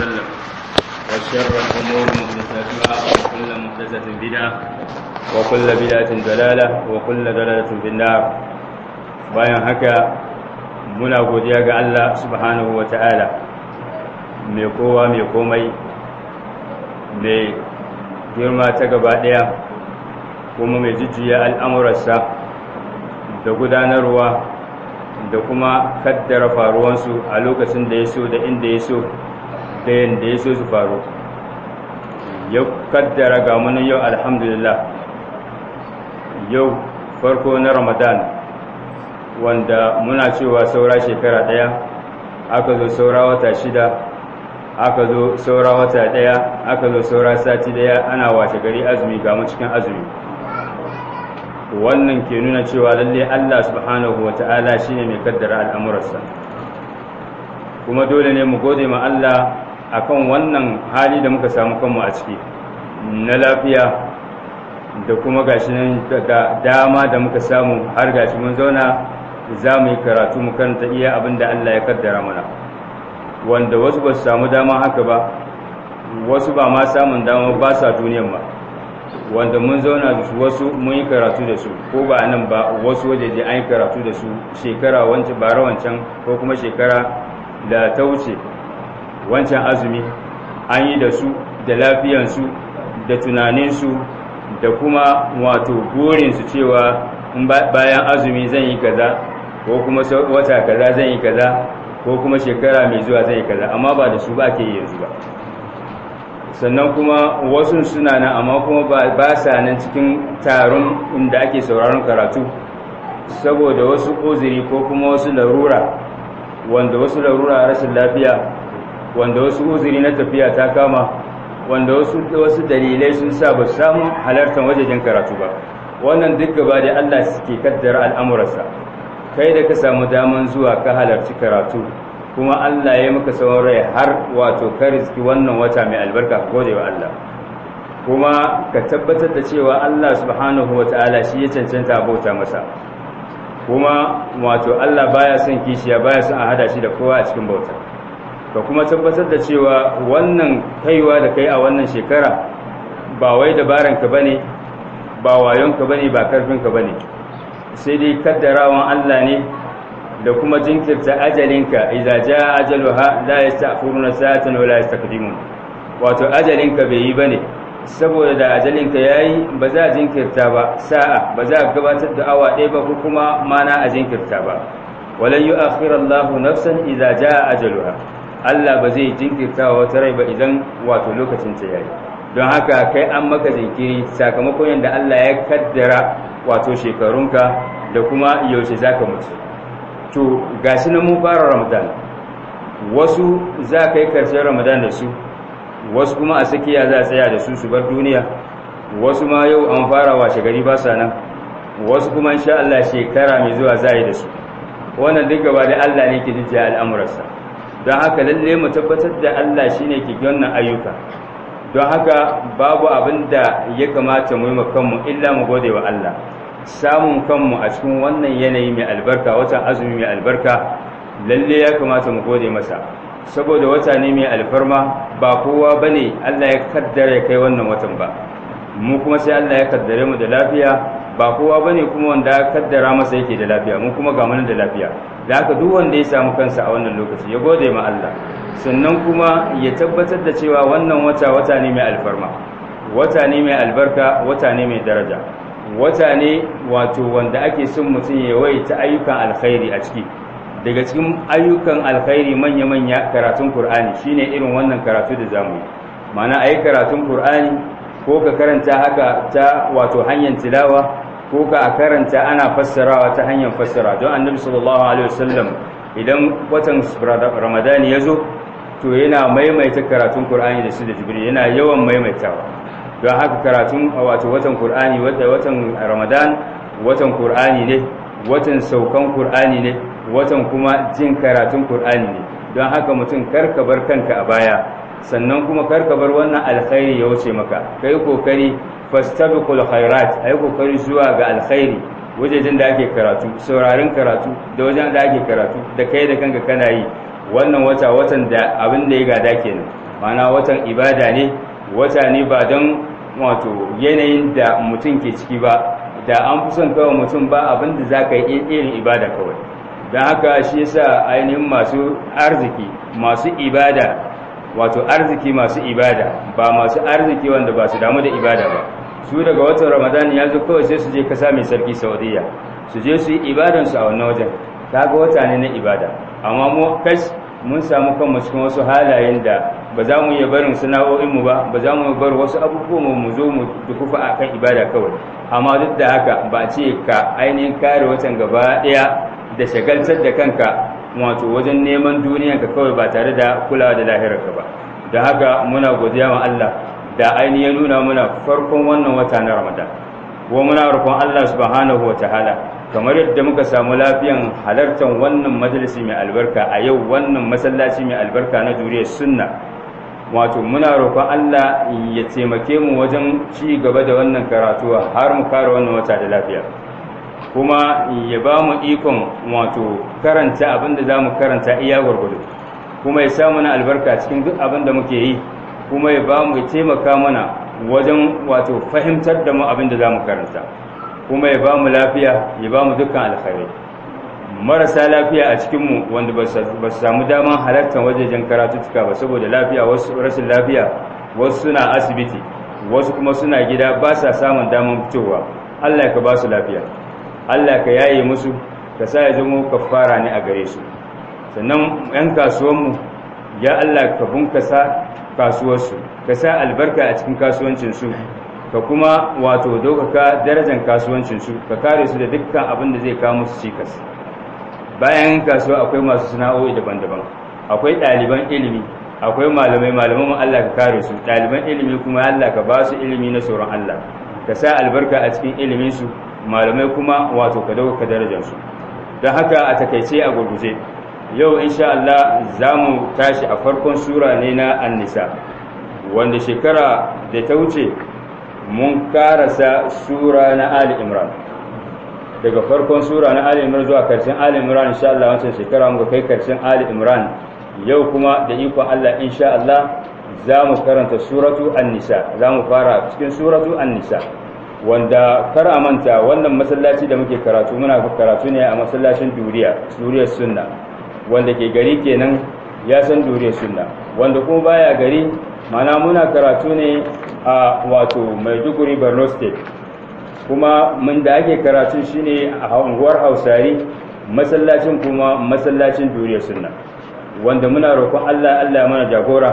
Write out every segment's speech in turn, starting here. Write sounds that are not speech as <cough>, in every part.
وسلم وشر الأمور محدثاتها وكل محدثة بدعة وكل بدعة ضلالة وكل ضلالة في النار bayan haka muna godiya ga Allah subhanahu wa ta'ala mai kowa mai komai mai girma ta gaba ɗaya kuma mai jijjiya al'amurarsa da gudanarwa da kuma kaddara faruwansu a lokacin da ya so da inda ya so da yadda ya so su faru ya kaddara ga munin yau alhamdulillah yau farko na ramadan wanda muna cewa saura shekara daya aka zo saura wata shida aka zo saura wata daya aka zo saura sati daya ana washe gari azumi ga mu cikin azumi wannan ke nuna cewa lalle Allah subhanahu wa ta'ala shine mai kaddara al'amuransa kuma dole ne mu gode ma Allah akan wannan hali da muka samu kanmu a ciki na lafiya da kuma gashi nan da dama da muka samu har gashi mun zauna za mu yi karatu mu karanta iya abin da Allah ya kaddara mana wanda wasu ba su samu dama haka ba wasu ba ma samun dama ba sa duniyan ba wanda mun zauna da su wasu mun yi karatu da su ko ba nan ba wasu wajeje an yi karatu da su shekara wancan bara wancan ko kuma shekara da ta wuce wancan azumi an yi da su da lafiyansu da tunaninsu da kuma wato burinsu cewa bayan azumi zan yi kaza ko kuma wata kaza zan yi kaza ko kuma shekara mai zuwa zan yi kaza amma ba da su ba ke yanzu ba sannan kuma wasu suna na, amma kuma ba sa nan cikin taron inda ake sauraron karatu saboda wasu uzuri ko kuma wasu larura wanda wasu larura rashin lafiya wanda wasu uzuri na tafiya ta kama wanda wasu wasu dalilai sun sa ba samu halartar wajejen karatu ba wannan duk gaba da Allah suke kaddara al'amuransa kai da ka samu daman zuwa ka halarci karatu kuma Allah ya maka sauran rai har wato ka rizki wannan wata mai albarka gode wa Allah kuma ka tabbatar da cewa Allah subhanahu wata'ala shi ya cancanta bauta masa kuma wato Allah baya son kishiya baya son a hada shi da kowa a cikin bauta ka kuma tabbatar da cewa wannan kaiwa da kai a wannan shekara ba wai dabaranka ba ne ba wayonka ba ne ba karfinka ba ne sai dai kaddarawan Allah ne da kuma jinkirta ajalinka idza jaa ajaluha la yastaqiruna sa'atan wala yastaqdimun wato ajalinka bai yi bane saboda da ajalinka yayi ba za jinkirta ba sa'a ba za gabatar da awa ɗaya ba ko kuma mana a jinkirta ba walan yu'akhiru Allahu nafsan idza jaa ajaluha Allah ba zai jinkirta wa wata rai ba idan wato lokacin ta yayi don haka kai an maka jinkiri sakamakon yadda Allah ya kaddara wato shekarunka da kuma yaushe zaka mutu to gashi na mu fara Ramadan wasu za kai karshen Ramadan da su wasu kuma a sakiya za tsaya da su su bar duniya wasu ma yau an fara washe gari ba sa nan wasu kuma insha Allah shekara mai zuwa za yi da su wannan duk gaba da Allah ne ke jijjiya al'amuransa don haka lalle mu tabbatar da Allah shine ke wannan ayyuka don haka babu abin da ya kamata mu yi ma kanmu illa mu gode wa Allah samun kanmu a cikin wannan yanayi mai albarka watan azumi mai albarka lalle ya kamata mu gode masa saboda wata ne mai alfarma ba kowa bane Allah ya kaddare kai wannan watan ba mu kuma sai Allah ya kaddare mu da lafiya ba kowa bane kuma wanda ya kaddara masa yake da lafiya mu kuma ga mana da lafiya da haka duk wanda ya samu kansa a wannan lokaci ya gode ma Allah sannan kuma ya tabbatar da cewa wannan wata wata ne mai alfarma wata ne mai albarka wata ne mai daraja wata ne wato wanda ake son mutum ya wai ta ayyukan alkhairi a ciki daga cikin ayyukan alkhairi manya-manya karatun Kur'ani shine irin wannan karatu da zamu yi ma'ana ayi karatun Kur'ani ko ka karanta haka ta wato hanyar tilawa ko ka a karanta ana fassarawa ta hanyar fassara don annabi sallallahu alaihi wasallam idan watan ramadani ya zo to yana maimaita karatun qur'ani da su da jibril yana yawan maimaitawa don haka karatun wato watan qur'ani watan ramadan watan qur'ani ne watan saukan qur'ani ne watan kuma jin karatun qur'ani ne don haka mutum karka bar kanka a baya sannan kuma karka bar wannan alkhairi ya wuce maka kai kokari fastabiqul khairat ayi kokari zuwa ga alkhairi wajejen da ake karatu saurarin karatu da wajen da ake karatu da kai da kanka kana yi wannan wata watan da abin da ya gada kenan ma'ana watan ibada ne wata ne ba don wato yanayin da mutum ke ciki ba da an fi son kawai mutum ba abin da za ka yi irin ibada kawai don haka shi yasa ainihin masu arziki masu ibada wato arziki masu ibada ba masu arziki wanda ba su damu da ibada ba su daga watan ramadan ya zo kawai sai su je kasa mai sarki saudiya su je su yi ibadansu a wannan wajen ta ga wata ne na ibada amma mu kash mun samu kanmu cikin wasu halayen da ba za mu iya barin sana'o'inmu ba ba za mu bar wasu abubuwan mu zo mu dukufa a kan ibada kawai amma duk da haka ba a ce ka ainihin kare watan gaba daya da shagaltar da kanka wato wajen neman duniyanka kawai ba tare da kulawa da lahirarka ba da haka muna godiya ma Allah da aini ya nuna muna farkon wannan wata na ramadan kuma muna roƙon Allah subhanahu wa ta'ala kamar yadda muka samu lafiyan halartar wannan majalisi mai albarka a yau wannan masallaci mai albarka na juriyar sunna wato muna roƙon Allah ya taimake mu wajen ci gaba da wannan karatuwa har mu kare wannan wata da lafiya kuma ya ba mu ikon wato karanta abin da za mu karanta iya gwargwado kuma ya samu na albarka cikin duk abin da muke yi kuma ya ba mu ya taimaka mana wajen wato fahimtar da mu abin da za mu karanta kuma ya ba mu lafiya ya ba mu dukkan alkhairi marasa lafiya a cikinmu wanda ba su samu daman halartar wajejen karatuttuka ba saboda lafiya wasu rashin lafiya wasu suna asibiti wasu kuma suna gida ba sa samun daman fitowa allah ka ba su lafiya allah ka yaye musu ka sa ya zama kafara ne a gare su sannan 'yan kasuwanmu ya allah ka bunkasa kasuwarsu ka sa albarka a cikin kasuwancinsu ka kuma wato daukaka darajar kasuwancinsu ka kare su da dukkan abin da zai kawo su cikas bayan kasuwa akwai masu sana'o'i daban-daban akwai ɗaliban ilimi akwai malamai malaman Allah ka kare su ɗaliban ilimi kuma Allah ka ba su ilimi na tsoron Allah ka sa albarka a cikin iliminsu malamai kuma wato ka daukaka darajarsu don haka a takaice a gurguje yau insha Allah za mu tashi a farkon sura ne na annisa wanda shekara da ta wuce mun karasa sura na ali imran daga farkon sura na ali imran zuwa karshen ali imran insha Allah wancan shekara muka kai karshen ali imran yau kuma da ikon Allah insha Allah za mu karanta suratu an za mu fara cikin suratu an wanda kar a manta wannan masallaci da muke karatu muna karatu ne a masallacin duriya duriyar sunna wanda ke gari kenan ya san duriyar sunna wanda kuma baya gari mana muna karatu ne a wato maiduguri borno state kuma mun da ake karatu shine a unguwar hausari masallacin kuma masallacin duriyar sunna wanda muna roƙon allah allah mana jagora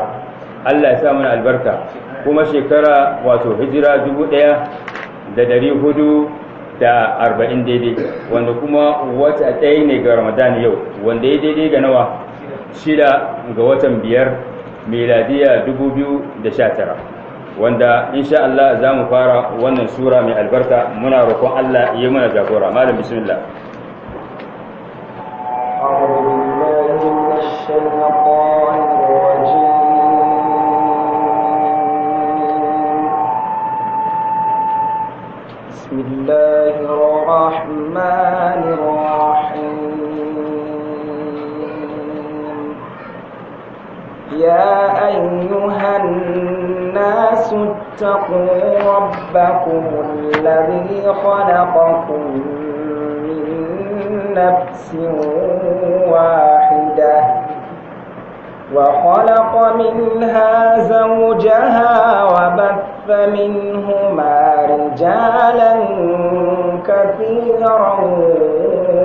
allah ya sa mana albarka kuma shekara wato hijira dubu ɗaya da dari hudu da arba'in daidai wanda kuma wata ɗaya ne ga ramadan yau wanda ya daidai ga nawa shida ga watan biyar miladiya tara, wanda insha Allah za mu fara wannan sura mai albarka muna roƙon Allah ya mana jagora malam bismillah بسم الله الرحمن الرحيم يا أيها الناس اتقوا ربكم الذي خلقكم من نفس واحده وخلق منها زوجها وبث فمنهما رجالا كثيرا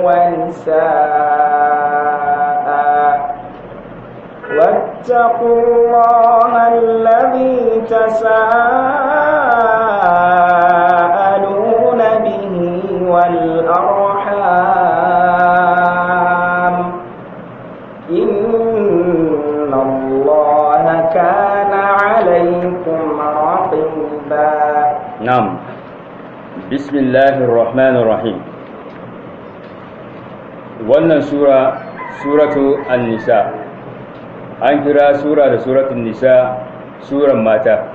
ونساء واتقوا الله الذي تساءل بسم الله الرحمن الرحيم wannan sura suratu an-nisa an kira sura da suratun nisa suran mata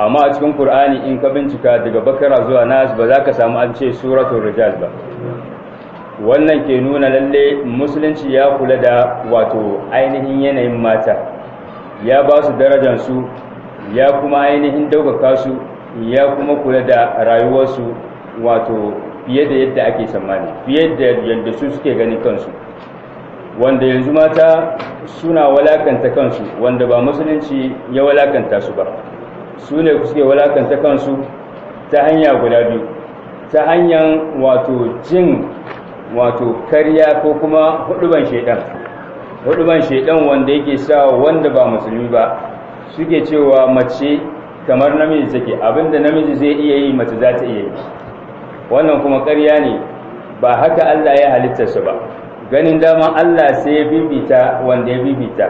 amma a cikin qur'ani in ka bincika daga bakara zuwa nas ba za ka samu an ce suratul rijal ba wannan ke nuna lalle musulunci ya kula da wato ainihin yanayin mata ya ba su darajansu ya kuma ainihin daukaka su ya kuma kula da rayuwarsu wato fiye da yadda ake tsammani fiye da yadda su suke ganin kansu wanda yanzu mata suna walakanta kansu wanda ba musulunci ya walakanta su ba su ne suke walakanta kansu ta hanya guda biyu ta hanyar wato jin wato karya ko kuma huduban shaidan huduban shaidan wanda yake sa wanda ba musulmi ba suke cewa mace kamar namiji take abinda namiji zai iya yi mace za ta iya yi wannan kuma ƙarya ne ba haka Allah ya halitta su ba ganin dama Allah sai ya bibita wanda ya bibita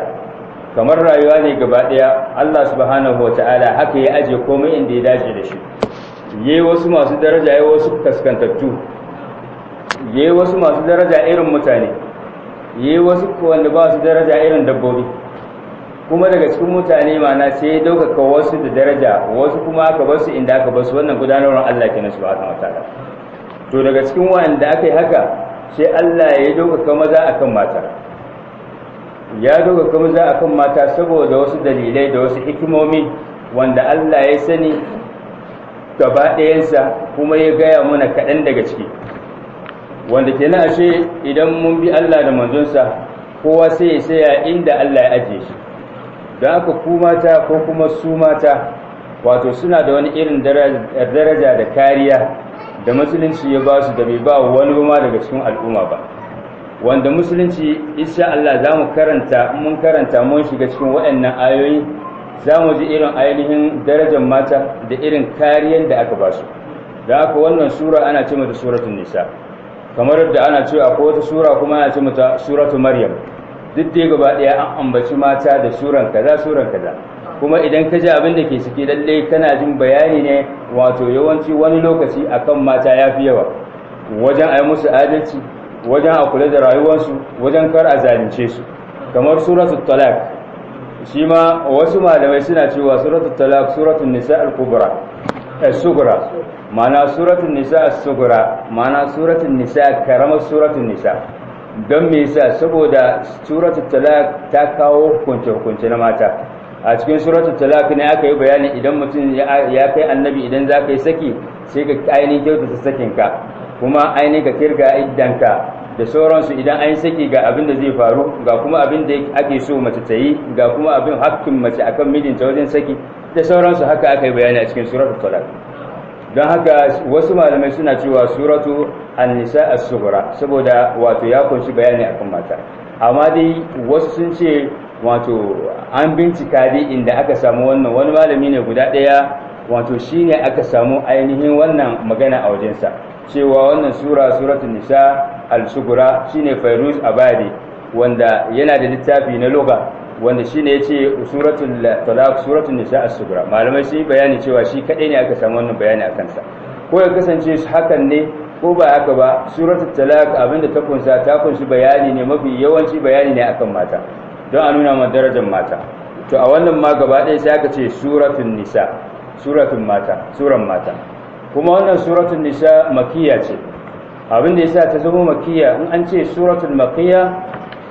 kamar rayuwa ne gaba ɗaya Allah subhanahu wata'ala haka ya aje komai inda ya dace da shi yayi wasu masu daraja yayi wasu kaskantattu yayi wasu masu daraja irin mutane yayi wasu wanda ba su daraja irin dabbobi kuma daga cikin mutane mana sai ya ɗaukaka wasu da daraja wasu kuma aka basu inda aka basu wannan gudanarwar Allah ke kenan subhanahu wataala to daga cikin wanda aka yi haka sai Allah ya ɗaukaka maza akan mata ya ɗaukaka maza akan mata saboda wasu dalilai da wasu hikimomi wanda Allah ya sani gaba ɗayansa kuma ya gaya mana kaɗan daga ciki wanda kenan ashe idan mun bi Allah da manzonsa kowa sai ya saya inda Allah ya ajiye shi da haka ku mata ko kuma su mata wato suna da wani irin daraja da kariya da musulunci ya ba su da bai ba wani goma daga cikin al'umma ba wanda musulunci insha Allah za mu karanta mun karanta mun shiga cikin waɗannan ayoyi za mu ji irin ainihin darajar mata da irin kariyar da aka ba su da haka wannan sura ana ce mata suratul nisa kamar yadda ana cewa ko wata sura kuma ana ce mata suratul maryam duk dai gaba ɗaya an ambaci mata da suran kaza suran kaza kuma idan ka ji abin da ke ciki lallai kana jin bayani ne wato yawanci wani lokaci akan mata ya fi yawa wajen a musu adalci wajen a kula da rayuwarsu wajen kar a zalunce su kamar suratul talaq shi ma wasu malamai suna cewa suratul talaq suratul nisa al-kubra as-sughra eh, ma'ana suratul nisa as-sughra ma'ana suratul nisa karamar suratul nisa don me yasa saboda suratul talaq ta kawo hukunce-hukunce na mata a cikin surata talaq ne aka yi bayani idan mutum ya kai annabi idan za ka yi saki sai ka ainihin kyautata sakinka kuma ainihin ka kirga iddanka da sauransu idan an saki ga abin da zai faru ga kuma abin da ake so mace ta yi ga kuma abin hakkin mace akan mijinta wajen saki da sauransu haka aka yi bayani a cikin suratul talaq don haka wasu malamai suna cewa suratu an-nisa as-sughra saboda wato ya kunshi bayani akan mata amma dai wasu sun ce wato an bincika dai inda aka samu wannan wani malami ne guda ɗaya wato shine aka samu ainihin wannan magana a wajensa cewa wannan sura suratul nisa al-sughra shine fairuz abadi wanda yana da littafi na loga wanda shine yace suratul talaq suratul nisa as-sugra malamai sun yi bayani cewa shi kadai ne aka samu wannan bayani akan sa ko ya kasance hakan ne ko ba haka ba suratul talaq abinda ta kunsa ta kunshi bayani ne mafi yawanci bayani ne akan mata don a nuna ma darajar mata to a wannan ma gaba ɗaya sai aka ce suratul nisa suratul mata suran mata kuma wannan suratul nisa makiyya ce abinda yasa ta zama makiyya in an ce suratul makiyya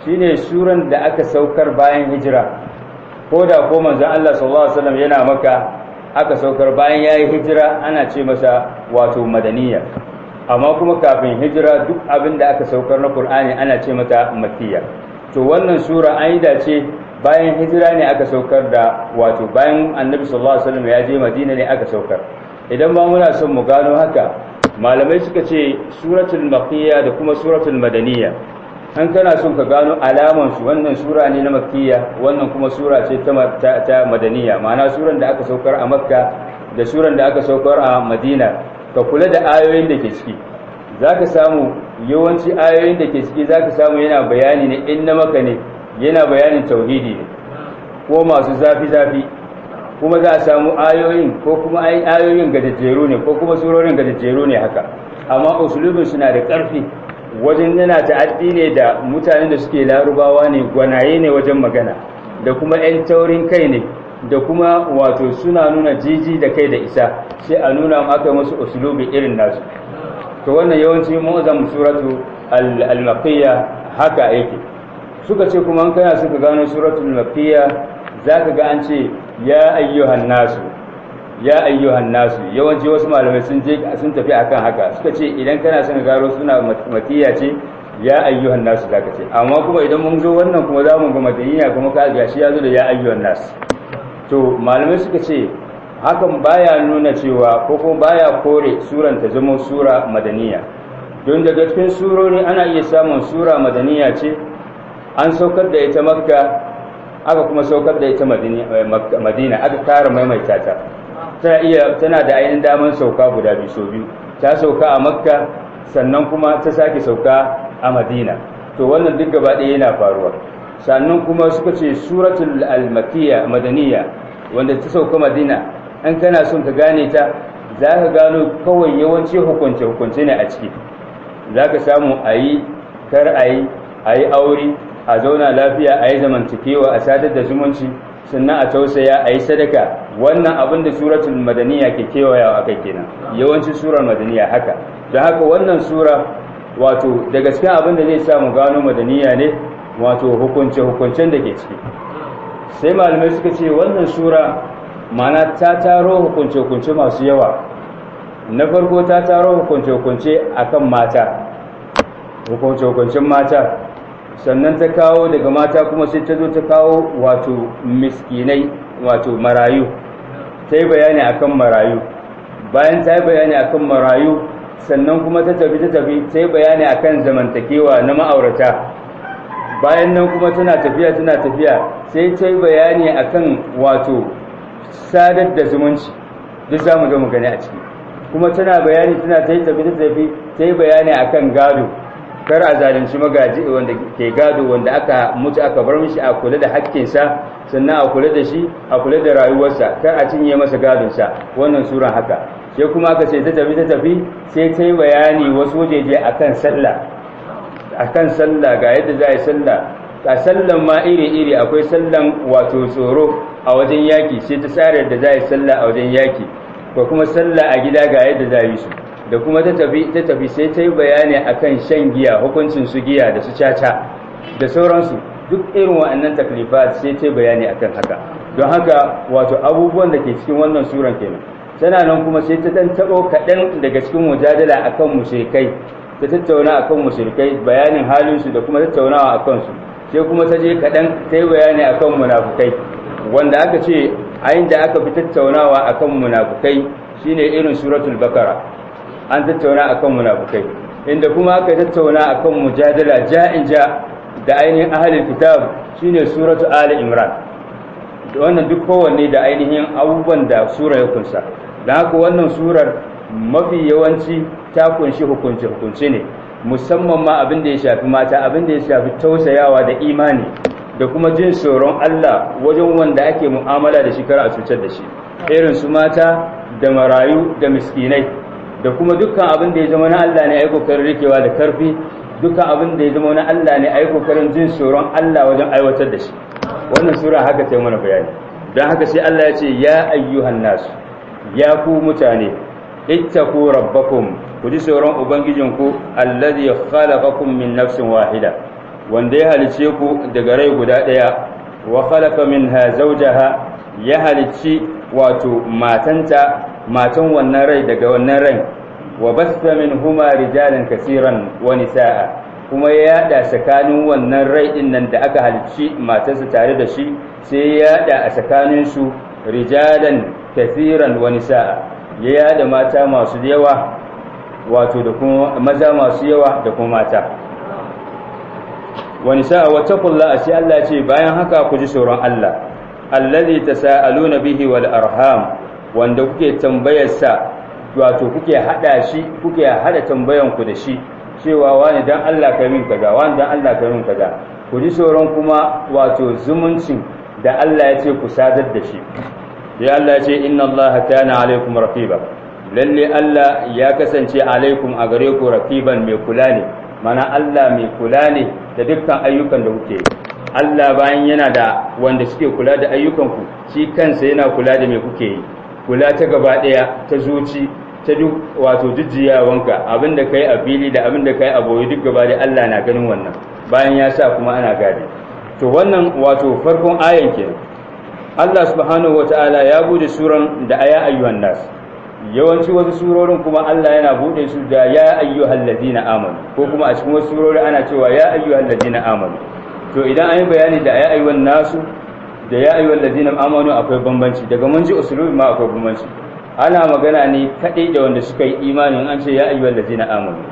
shine suran da aka saukar bayan hijira ko da ko manzon Allah sallallahu alaihi wasallam yana maka aka saukar bayan yayi hijira ana ce masa wato madaniya amma kuma kafin hijira duk abin da aka saukar na Kur'ani ana ce mata makkiya to wannan sura an yi dace bayan hijira ne aka saukar da wato bayan annabi sallallahu alaihi wasallam ya je madina ne aka saukar idan ba muna son mu gano haka malamai suka ce suratul makkiya da kuma suratul madaniya an kana son ka gano alaman shi wannan sura ne na makkiya wannan kuma sura ce ta madaniya ma'ana suran da aka saukar a makka da suran da aka saukar a madina ka kula da ayoyin da ke ciki zaka samu yawanci ayoyin da ke ciki zaka samu yana bayani ne in na maka ne yana bayanin tauhidi ne ko masu zafi zafi kuma za a samu ayoyin ko kuma ayoyin ne ko kuma surorin gajejjeru ne haka amma usulubin suna da ƙarfi wajen yana ta'addi ne da mutanen da suke larubawa ne gwanaye ne wajen magana da kuma 'yan taurin kai ne da kuma wato suna nuna jiji da kai da isa sai a nuna maka musu usulubi irin nasu Ka wannan yawanci mu'azzam suratu al-maqiyya haka aiki. suka ce kuma an kana suka gano suratul maqiyya zaka ga an ce ya ayyuhan nasu ya ayyuhan nasu yawanci wasu malamai sun je sun tafi akan haka suka ce idan kana son gano suna matiya ce ya ayyuhan nasu zaka ce amma kuma idan mun zo wannan kuma za mu ga madaniya kuma ka ga shi ya da ya ayyuhan nasu to malamai suka ce hakan baya nuna cewa ko kuma baya kore suran ta zama sura madaniya don daga cikin surori ana iya samun sura madaniya ce an saukar da ita makka aka kuma saukar da ita eh, madina aka kara maimaita ta tana iya tana da ainihin daman sauka guda biyu so biyu ta sauka a makka sannan kuma ta sake sauka a madina to wannan duk gaba ɗaya yana faruwa sannan kuma suka ce suratul al madaniya wanda ta sauka madina an kana son ka gane ta za ka gano kawai yawanci hukunce hukunce ne a ciki za ka samu a yi kar a yi a yi aure a zauna lafiya a yi zamantakewa a sadar da zumunci sannan a tausaya a yi sadaka wannan abin da suratul madaniya ke kewaya a kai kenan yawanci surar madaniya haka da haka wannan sura wato da gaske abin da zai sa mu gano madaniya ne wato hukunce hukuncen da ke ciki sai malamai suka ce wannan sura mana ta taro hukunce hukunce masu yawa na farko ta taro hukunce hukunce akan mata hukunce hukuncen mata sannan ta kawo daga mata kuma sai ta zo ta kawo wato miskinai wato marayu ta yi bayani a kan marayu bayan ta yi bayani a kan marayu sannan kuma ta tafi ta tafi ta yi bayani a kan zamantakewa na ma'aurata bayan nan kuma tana tafiya tana tafiya sai ta yi bayani a kan wato sadar da zumunci duk za mu zo mu gani a ciki kuma tana bayani tana ta yi tafi ta tafi ta yi bayani a kan gado kar a zalunci magaji wanda ke gado wanda aka mutu aka bar mishi a kula da hakkinsa sannan a kula da shi a kula da rayuwarsa kar a cinye masa gadonsa wannan suran haka sai kuma aka ce ta tafi ta tafi sai ta yi bayani wasu wajeje akan sallah akan sallah ga yadda za a yi sallah a sallan ma iri-iri akwai sallan wato tsoro a wajen yaki sai ta tsara yadda za a yi sallah a wajen yaki ko kuma sallah a gida ga yadda za a yi su da kuma ta tafi sai ta yi bayani akan shan giya hukuncin su giya da su caca da sauransu duk irin wa'annan taklifat sai ta yi bayani akan haka don haka wato abubuwan da ke cikin wannan suran kenan tana nan kuma sai ta dan tabo kaɗan daga cikin mujadala akan mushrikai ta tattauna akan mushrikai bayanin halinsu, da kuma tattaunawa akan su sai kuma ta je kaɗan ta yi bayani akan munafukai wanda aka ce ayin da aka fi tattaunawa akan munafukai shine irin suratul bakara an tattauna akan munafukai inda kuma aka tattauna akan mujadala ja'in ja da ainihin ahalin kitab shine suratu ali imran wannan duk kowanne da ainihin abubuwan da sura ya kunsa don haka wannan surar mafi yawanci ta kunshi hukunce hukunce ne musamman ma abin da ya shafi mata abin da ya shafi tausayawa da imani da kuma jin tsoron Allah wajen wanda ake mu'amala da shi kar a cutar da shi irin su mata da marayu da miskinai da kuma dukkan abin da ya zama na Allah ne yi kokarin rikewa da karfi dukkan abin da ya zama na Allah ne yi kokarin jin tsoron Allah wajen aiwatar da shi wannan sura haka ta yi mana bayani don haka sai Allah ya ce ya ayyuhan nasu ya ku mutane ittaku rabbakum ku ji tsoron ubangijinku allazi khalaqakum min nafsin wahida wanda ya halice ku daga rai guda daya wa khalaqa minha zawjaha ya halici wato matanta matan wannan rai daga wannan rai wa basta min huma rijalan kasiran wa nisa'a kuma ya yada tsakanin wannan rai din nan da aka halicci matarsa tare da shi sai ya yada a tsakanin su rijalan kasiran wa nisa'a ya yada mata masu yawa wato da kuma maza masu yawa da kuma mata wa nisa'a wa taqullaha sai Allah ce bayan haka ku ji tsoron Allah allazi tasaluna bihi wal arham wanda kuke tambayarsa wato kuke hada shi kuke hada tambayan da shi cewa wani dan Allah ka min kaza wani dan Allah ka min kaza ku ji sauran kuma wato zumuncin da Allah ya ce ku sadar da shi sai Allah ya ce inna Allah kana alaikum raqiba lalle Allah ya kasance alaikum a gare ku raqiban mai kula ne mana Allah mai kula ne da dukkan ayyukan da kuke yi Allah bayan yana da wanda suke kula da ayyukanku shi kansa yana kula da me kuke yi kula ta gaba ɗaya ta zuci ta duk wato jujjuyawanka abinda kai a fili da abinda kai a boye duk gaba da Allah na ganin wannan bayan ya sa kuma ana gadi to wannan wato farkon ayan ke Allah subhanahu wataala ya bude suran da aya ayyuhan nas yawanci wasu surorin kuma Allah yana bude su da ya ayyuhal ladina amanu ko kuma a cikin wasu surori ana cewa ya ayyuhal ladina amanu to idan an yi bayani da ya ayyuhan nasu da ya ayyuhal ladina amanu akwai bambanci daga mun ji usulubi ma akwai bambanci ana magana ne kadai da wanda suka yi imani an ce ya ayyuhal ladina amanu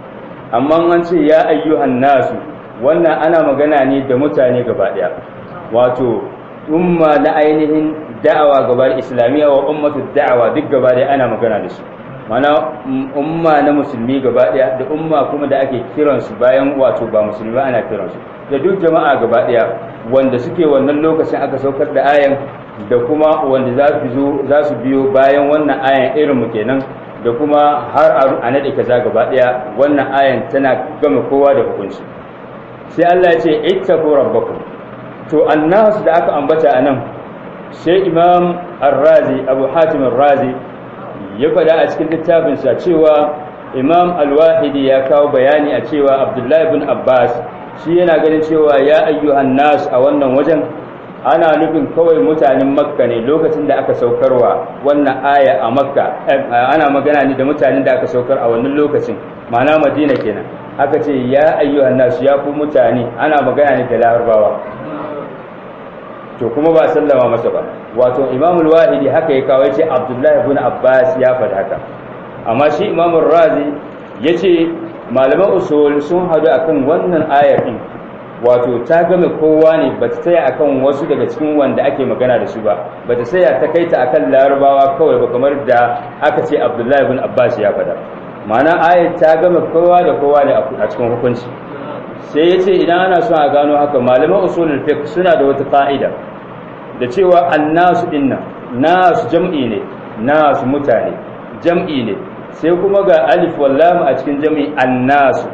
amma an ce ya ayyuhan nasu wannan ana magana ne da mutane gaba daya wato umma na ainihin da'awa gaba islamiyya wa ummatu da'awa duk gaba daya ana magana da su mana umma na musulmi gaba daya da umma kuma da ake kiransu bayan wato ba musulmi ba ana kiransu da duk jama'a gaba daya wanda suke wannan lokacin aka saukar da ayan da kuma wanda za su biyo bayan wannan ayan irinmu kenan da kuma har a naɗe kaza gaba ɗaya wannan ayan tana gama kowa da hukunci sai Allah ya ce ittaqu rabbakum to annas da aka ambata anan sai imam ar-razi abu hatim ar ya faɗa a cikin littafinsa cewa imam al-wahidi ya kawo bayani a cewa abdullahi ibn abbas shi yana ganin cewa ya ayyuhan nas a wannan wajen ana nufin kawai mutanen makka ne lokacin da aka saukarwa wannan aya a makka eh, ana magana ne da mutanen da aka saukar a wannan lokacin ma'ana madina kenan aka ce ya ayyuhan nas ya ku mutane ana magana ne da larabawa to kuma ba sallama masa ba wato imamul wahidi haka ya kawo ce abdullahi ibn abbas ya faɗa haka amma shi imamul razi yace malaman usul sun hadu akan wannan ayar ayatin wato ta game kowa ne ba ta tsaya akan wasu daga cikin wanda ake magana da su ba ba ta tsaya ta kaita akan larabawa kawai ba kamar da aka ce abdullahi bin abbas ya faɗa ma'ana ayar ta game kowa da kowa ne a cikin hukunci sai ya ce idan ana so a gano haka malaman usulul fiqh suna da wata fa'ida da cewa annasu dinna nasu jam'i ne nasu mutane jam'i ne sai kuma ga alif wallam a cikin jami'i annasu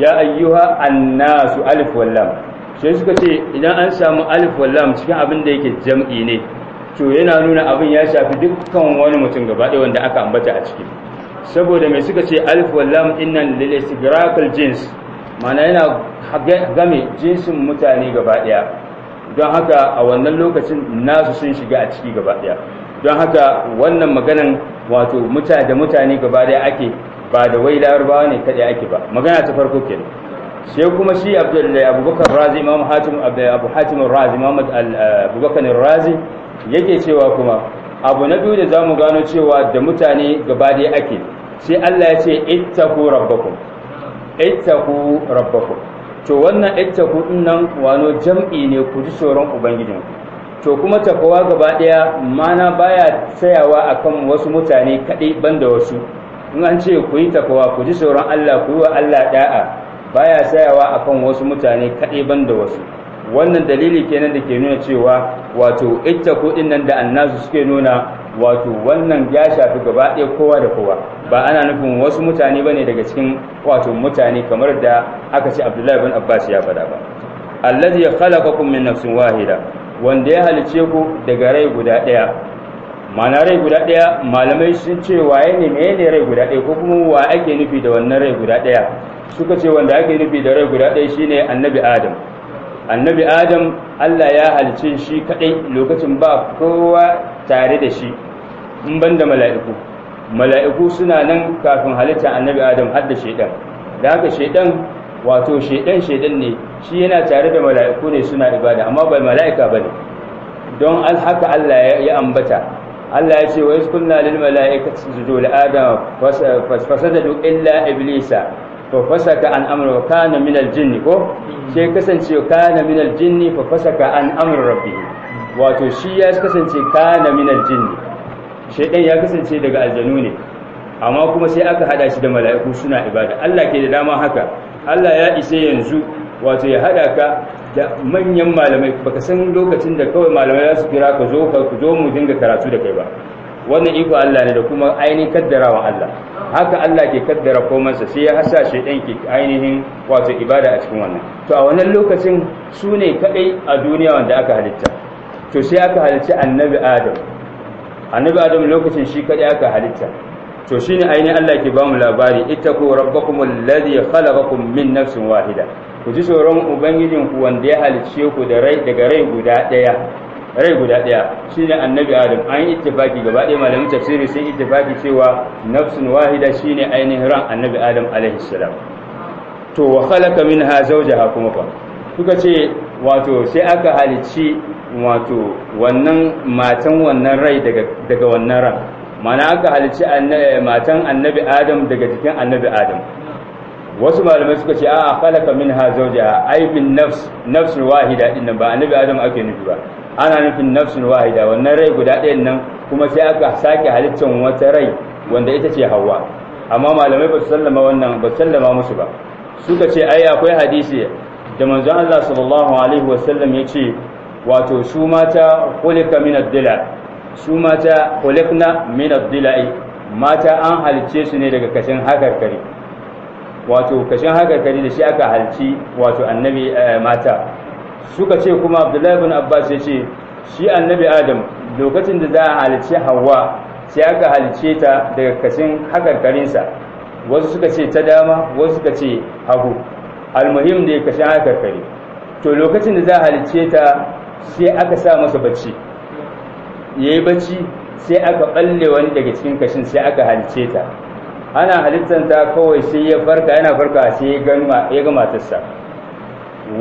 ya ayyuha annasu alif wallam sai suka ce idan an samu alif wallam cikin abin da yake jam'i ne to yana nuna abin ya shafi dukkan wani mutum gaba ɗaya wanda aka ambata a ciki saboda mai suka ce alif wallam innan lil jins mana yana game jinsin mutane gaba ɗaya don haka a wannan lokacin nasu sun shiga a ciki gaba ɗaya don haka wannan maganan wato mutane da mutane gaba daya ake ba da wai larabawa ne kaɗai ake ba magana ta farko ke. sai kuma shi abdullahi abubakar razi imam hatim abu hatim razi muhammad eh, abubakar razi yake cewa kuma abu na biyu da zamu gano cewa da mutane gaba daya ake sai Allah ya ce ittaqu rabbakum ittaqu rabbakum to wannan ittaqu din nan wano jam'i ne ku ji tsoron ubangijinku to kuma tafawa gaba ɗaya mana baya tsayawa akan wasu mutane kaɗai banda wasu in an ce ku yi tafawa ku ji sauran Allah ku yi wa Allah da'a baya tsayawa akan wasu mutane kaɗai banda wasu wannan dalili kenan da ke nuna cewa wato ittaku din nan da annasu suke nuna wato wannan ya shafi gaba ɗaya kowa da kowa ba ana nufin wasu mutane bane daga cikin wato mutane kamar da aka ce Abdullahi bin Abbas ya faɗa ba allazi khalaqakum min nafsin wahida wanda ya halice ku daga rai guda ɗaya mana rai guda ɗaya malamai sun ce waye ne ne rai guda ɗaya ko kuma wa ake nufi da wannan rai guda ɗaya suka ce wanda ake nufi da rai guda ɗaya shine annabi adam annabi adam Allah ya halice shi kaɗai lokacin ba kowa tare da shi in ban da mala'iku mala'iku suna nan kafin halittar annabi adam har da shaidan. da haka shaidan, wato shaidan-shaidan ne shi yana tare da mala'iku ne suna ibada amma bai mala'ika bane don al haka Allah ya ambata Allah ya ce wa yaskunna lil mala'ikati sujudu li adam fasajadu illa iblisa fa fasaka an amru wa kana min al jinni ko sai kasance kana min al jinni fa fasaka an amru rabbih wato shi ya kasance kana min al jinni shaydan ya kasance daga aljanu ne amma kuma sai aka hada shi da mala'iku suna ibada Allah ke da dama haka Allah ya ise yanzu wato ya hada ka da manyan malamai baka san lokacin da kawai malamai za su kira ka zo ka zo mu dinga karatu da kai ba wannan iko Allah ne da kuma ainihin kaddarawa Allah haka Allah ke kaddara komansa sai ya hasa shi ainihin wato ibada a cikin wannan to a wannan lokacin su ne kaɗai a duniya wanda aka halitta to sai aka halitta annabi adam annabi adam lokacin shi kadai aka halitta to shine ainihin Allah ke ba mu labari ittaqu rabbakum alladhi khalaqakum min nafsin wahida ku ji tsoron ubangijin ku wanda ya halicce ku da rai daga rai guda ɗaya rai guda ɗaya shine annabi adam an yi ittifaki gaba ɗaya malamin tafsiri sun ittifaki cewa nafsun wahida shine ainihin ran annabi adam alaihi salam to wa khalaqa minha zawjaha kuma fa suka ce wato sai aka halicci wato wannan matan wannan rai daga wannan ran mana aka halicci matan annabi adam daga jikin annabi adam wasu malamai suka ce a khalaqa minha zawjaha ay min nafs nafs wahida din ba annabi adam ake nufi ba ana nufin nafs wahida wannan rai guda ɗayan nan kuma sai aka sake halittar wata rai wanda ita ce hawa amma malamai ba su sallama wannan ba su sallama musu ba suka ce ai akwai hadisi da manzo Allah sallallahu alaihi wasallam ya ce wato su mata khuliqa min ad-dila su mata min ad dila mata an halice su ne daga kashin kare wato kashin haka kari da shi aka halci wato annabi eh, mata suka ce kuma abdullahi bin abbas ya ce shi annabi adam lokacin da za a halice hawa sai aka halice ta daga kashin hakarkarinsa wasu suka ce ta dama wasu suka ce hagu almuhim da kashin hakarkari to lokacin da za a halice ta sai aka sa masa bacci ya yi bacci sai aka balle wani daga cikin kashin sai aka halice ta ana halittar ta kawai sai ya farka yana farka sai ya gama matarsa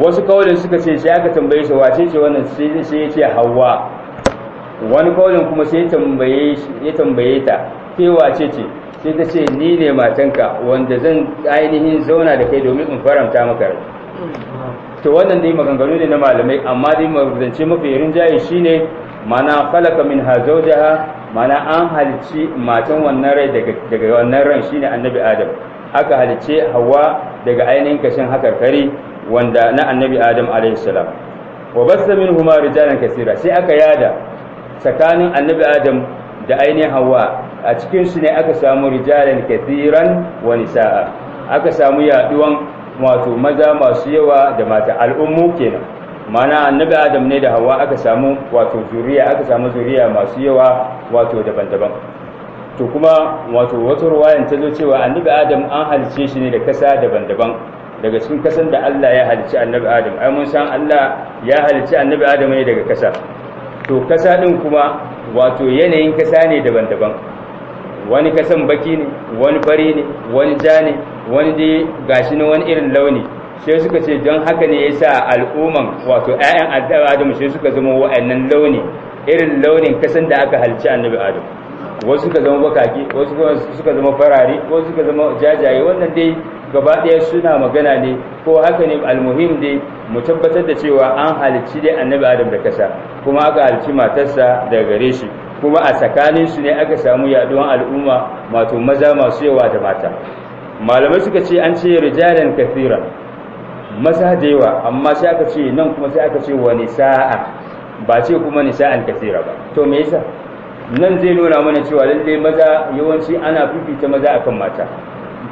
wasu kawalin suka ce sai aka tambaye shi wace ce wannan sai ya ce hawa wani kawalin kuma sai ya tambaye ta ke wace ce sai ta ce ni ne matanka wanda zan ainihin zauna da kai domin in faranta maka rai to wannan dai maganganu ne na malamai amma dai zance mafi rinjaye shine mana khalaqa da ha. mana an halicci matan wannan rai daga wannan ran shine annabi adam aka halicce hawa daga ainihin kashin hakarkari wanda na annabi adam alaihi salam wa min huma rijalan kasira sai aka yada tsakanin annabi adam da ainihin hawa a cikin su ne aka samu rijalan kasiran wa nisaa aka samu yaduwan wato maza masu yawa da mata al'ummu kenan mana annabi adam ne da hawa aka samu wato zuriya aka samu zuriya masu yawa wato daban-daban to kuma wato wata ruwayan ta zo cewa annabi adam an halice shi ne da kasa daban-daban daga cikin kasan da Allah ya halice annabi adam ai mun san Allah ya halice annabi adam ne daga kasa to kasa din kuma wato yanayin kasa ne daban-daban wani kasan baki ne wani fari ne wani ja ne wani dai gashi na wani irin launi sai suka ce don haka ne yasa al'umman wato 'ya'yan addawa Adam sai suka zama wa'annan launi irin launin kasan da aka halci annabi Adam wasu suka zama bakaki wasu suka zama farare wasu suka zama jajaye wannan dai gaba ɗaya suna magana ne ko haka ne almuhim dai mu tabbatar da cewa an halicci dai annabi adam da kasa kuma aka halicci matarsa da gare shi kuma a tsakanin su ne aka samu yaduwan al'umma wato maza masu yawa da mata malamai suka ce an ce rijalan kathira Masa da yawa amma sai aka ce nan kuma sai aka ce wa nisa'a ba ce kuma nisa'an katira ba to me yasa nan zai nuna mana cewa lallai maza yawanci ana fifita maza akan mata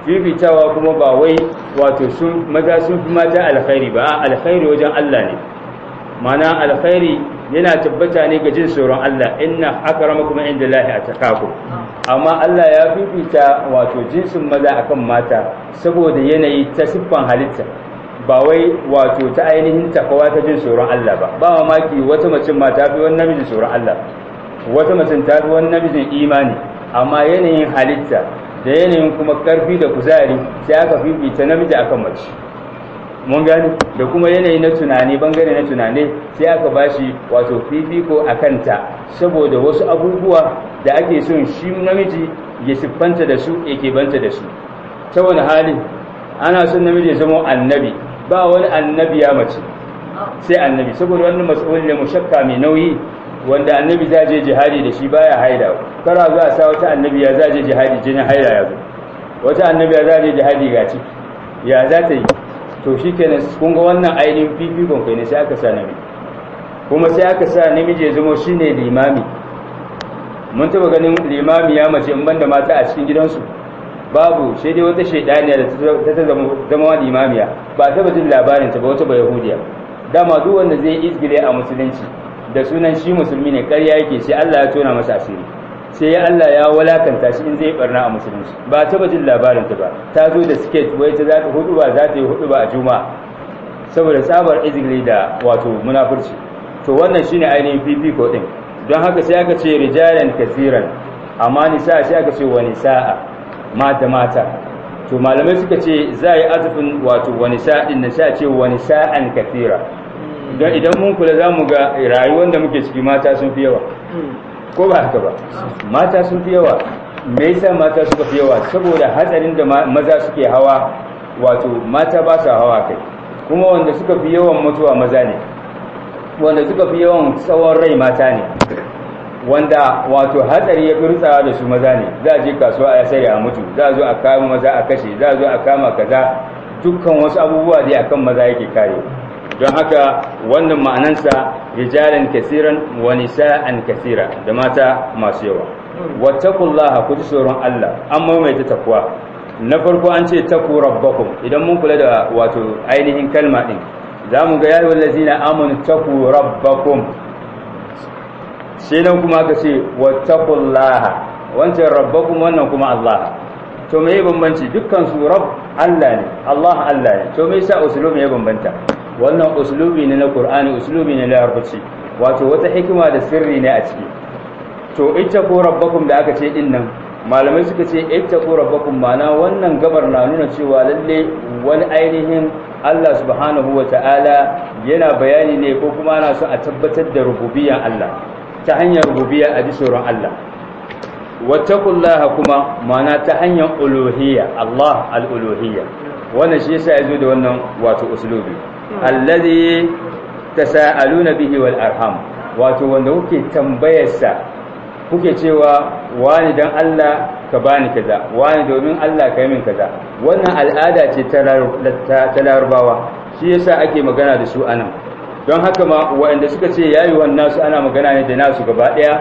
fifitawa kuma ba wai wato sun maza sun fi mata alkhairi ba alkhairi wajen Allah ne ma'ana alkhairi yana tabbata ne ga jin tsoron Allah inna akramakum indallahi atqakum amma Allah ya fifita wato jinsin maza akan mata saboda yanayi ta siffan halitta ba wai wato ta ainihin takawa ta jin tsoron Allah ba ba wa maki wata macin ma ta fi wani namijin tsoron Allah wata macin ta fi wani namijin imani amma yanayin halitta da yanayin kuma karfi da kuzari sai aka fifita namiji akan mace mun gani da kuma yanayi na tunani bangare na tunani sai aka bashi wato fifiko a kanta saboda wasu abubuwa da ake son shi namiji ya siffanta da su ya banta da su ta wani hali ana son namiji ya zama annabi ba wani annabi ya mace sai annabi saboda wannan mas'ul ne mushakka mai nauyi wanda annabi za je jihadi da shi baya haida kara zuwa sa wata annabi ya za je jihadi jinin haida ya zo wata annabi ya za je jihadi ga ciki ya za ta yi to shi kenan kun ga wannan ainihin fifikon kai ne sai aka sa namiji kuma sai aka sa namiji ya zama ne limami mun taba ganin limami ya mace in banda mata a cikin gidansu babu sai dai wata shaidaniya da ta zama wani imamiya ba ta jin labarin ta ba wata ba yahudiya dama duk wanda zai izgile a musulunci da sunan shi musulmi ne karya yake sai Allah ya tona masa asiri sai ya Allah ya walakanta shi in zai barna a musulunci ba ta jin labarin ta ba ta zo da siket wai ta zata hudu ba za ta yi hudu ba a juma'a saboda tsabar izgile da wato munafurci to wannan shine ainihin ko din don haka sai aka ce rijalan kasiran amma nisa sai aka ce wa nisa'a mata mata to malamai suka ce za a yi azufin wato wani sa'in na sha ce wani sa'an kafira don idan mun kula za mu ga rayuwar da muke ciki mata sun fi yawa ko ba haka ba mata sun fi yawa me yasa mata suka fi yawa saboda hatsarin da maza suke hawa wato mata ba su hawa kai kuma wanda suka fi yawan mutuwa maza ne wanda suka fi yawan tsawon rai mata ne wanda wato hatsari ya fi da su maza ne za a je kasuwa a sai a mutu za a zo a kama maza a kashe za a zo a kama kaza dukkan wasu abubuwa dai akan maza yake kare don haka wannan sa, rijalan kasiran wa nisa'an kasira da mata masu yawa wattaqullaha ku ji tsoron Allah an maimaita takwa na farko an ce taku rabbakum idan mun kula da wato ainihin kalma din zamu ga ya na amanu taku rabbakum sai nan kuma aka ce wattaqullaha wancan rabbakum wannan kuma Allah to me ya bambanci dukkan su rabb Allah ne Allah Allah ne to me yasa uslubi ya bambanta wannan uslubi ne na Qur'ani uslubi ne na Larabci wato wata hikima da sirri ne a ciki to ita ko rabbakum da aka ce din nan malamai suka ce rabba rabbakum ma'ana wannan gabar na nuna cewa lalle wani ainihin Allah subhanahu wa ta'ala yana bayani ne ko kuma ana so a tabbatar da rububiyyan Allah ta hanyar rububiya a ji tsoron Allah wattaqullaha kuma ma'ana ta hanyar uluhiyya Allah al-uluhiyya wannan shi yasa zo da wannan wato uslubi allazi tasaaluna bihi wal arham wato wanda kuke tambayarsa kuke cewa wani dan Allah ka bani kaza wani domin Allah ka yi min kaza wannan al'ada ce ta larabawa shi yasa ake magana da su anan don haka ma waɗanda suka ce yayi wannan su ana magana ne da nasu gaba ɗaya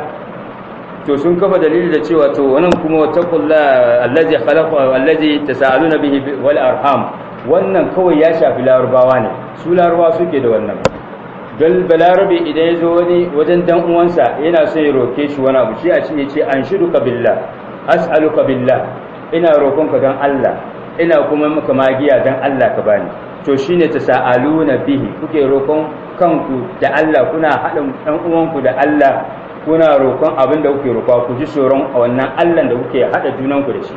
to sun kafa dalili da cewa to wannan kuma wattaqullaha allazi khalaqa allazi tasaaluna bihi wal arham wannan kawai ya shafi larabawa ne su larabawa suke da wannan don balarabe idan ya zo wani wajen dan uwansa yana so ya roke shi wani abu shi a ci ce an shiru Kabila? billah as'aluka billah ina roƙonka don Allah ina kuma maka magiya don Allah ka bani to shine tasaaluna bihi kuke roƙon kanku da Allah kuna haɗin ɗan uwanku da Allah kuna roƙon abin da kuke roƙa ku ji tsoron a wannan Allah da kuke haɗa junanku da shi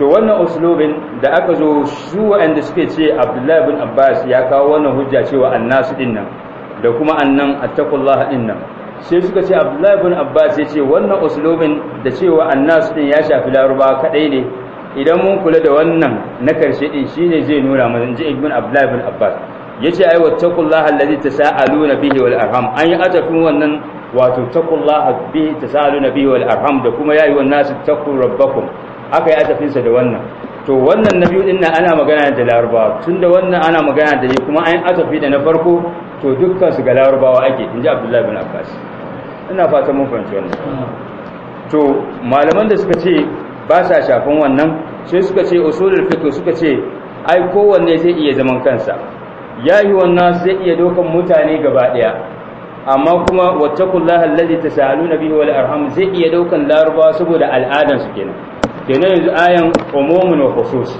to wannan uslubin da aka zo su waɗanda suke ce abdullahi bin abbas ya kawo wannan hujja cewa annasu din nan da kuma annan attaqullah din nan sai suka ce abdullahi bin abbas ya ce wannan uslubin da cewa annasu din ya shafi laruba kadai ne idan mun kula da wannan na karshe din shine zai nuna mana ji ibn abdullahi bin abbas yace ai wattaqullaha allazi tasaaluna bihi wal arham an yi atafin wannan wato taqullaha bihi tasaaluna bihi wal arham da kuma yayi wannan nasu taqu rabbakum aka yi atafin sa da wannan to wannan na biyu dinnan ana magana da tun tunda wannan ana magana da shi kuma an atafi da na farko to dukkan su ga larabawa ake inji abdullahi bin abbas ina fatan mun fahimci wannan to malaman da suka ce ba sa shafan wannan sai suka ce usulul fiqh suka ce ai kowanne zai iya zaman kansa yahi nasu zai iya dokan mutane gaba daya amma kuma ta sa'alu na biyu wani arham zai iya dokan laruba saboda al'adan su kenan kenan yanzu ayan omomin wa khusus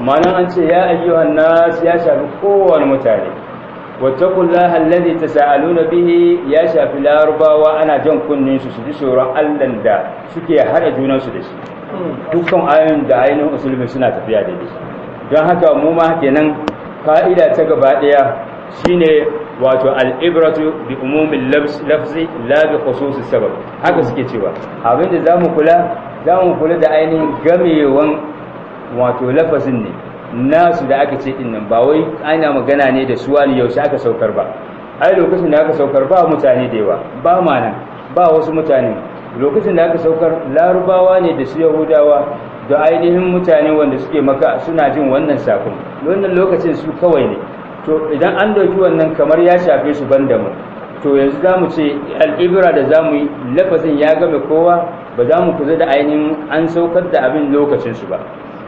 ma'anan an ce ya ayyuhan nasu ya shafi kowane mutane ta sa'alu na biyu ya shafi larabawa ana jan kunnin su su ji tsoron allan da suke hada junan su da shi dukkan ayan da ainihin usulmi suna tafiya da shi don haka mu ma kenan ka'ida ta gaba ɗaya shine wato al'ibratu bi umumin lafzi la bi khususi sabab haka suke cewa abinda zamu kula zamu kula da ainihin gamewan wato lafazin ne nasu da aka ce dinnan ba wai ana magana ne da suwa ne yaushe aka saukar ba ai lokacin da aka saukar ba mutane da yawa ba ma nan ba wasu mutane lokacin da aka saukar larubawa ne da su yahudawa da ainihin mutane wanda suke maka suna jin wannan sakon wannan lokacin su kawai ne to idan an dauki wannan kamar ya shafe su banda mu to yanzu za mu ce al'ibira da za mu yi lafazin ya game kowa ba za mu kuza da ainihin an saukar da abin lokacin su ba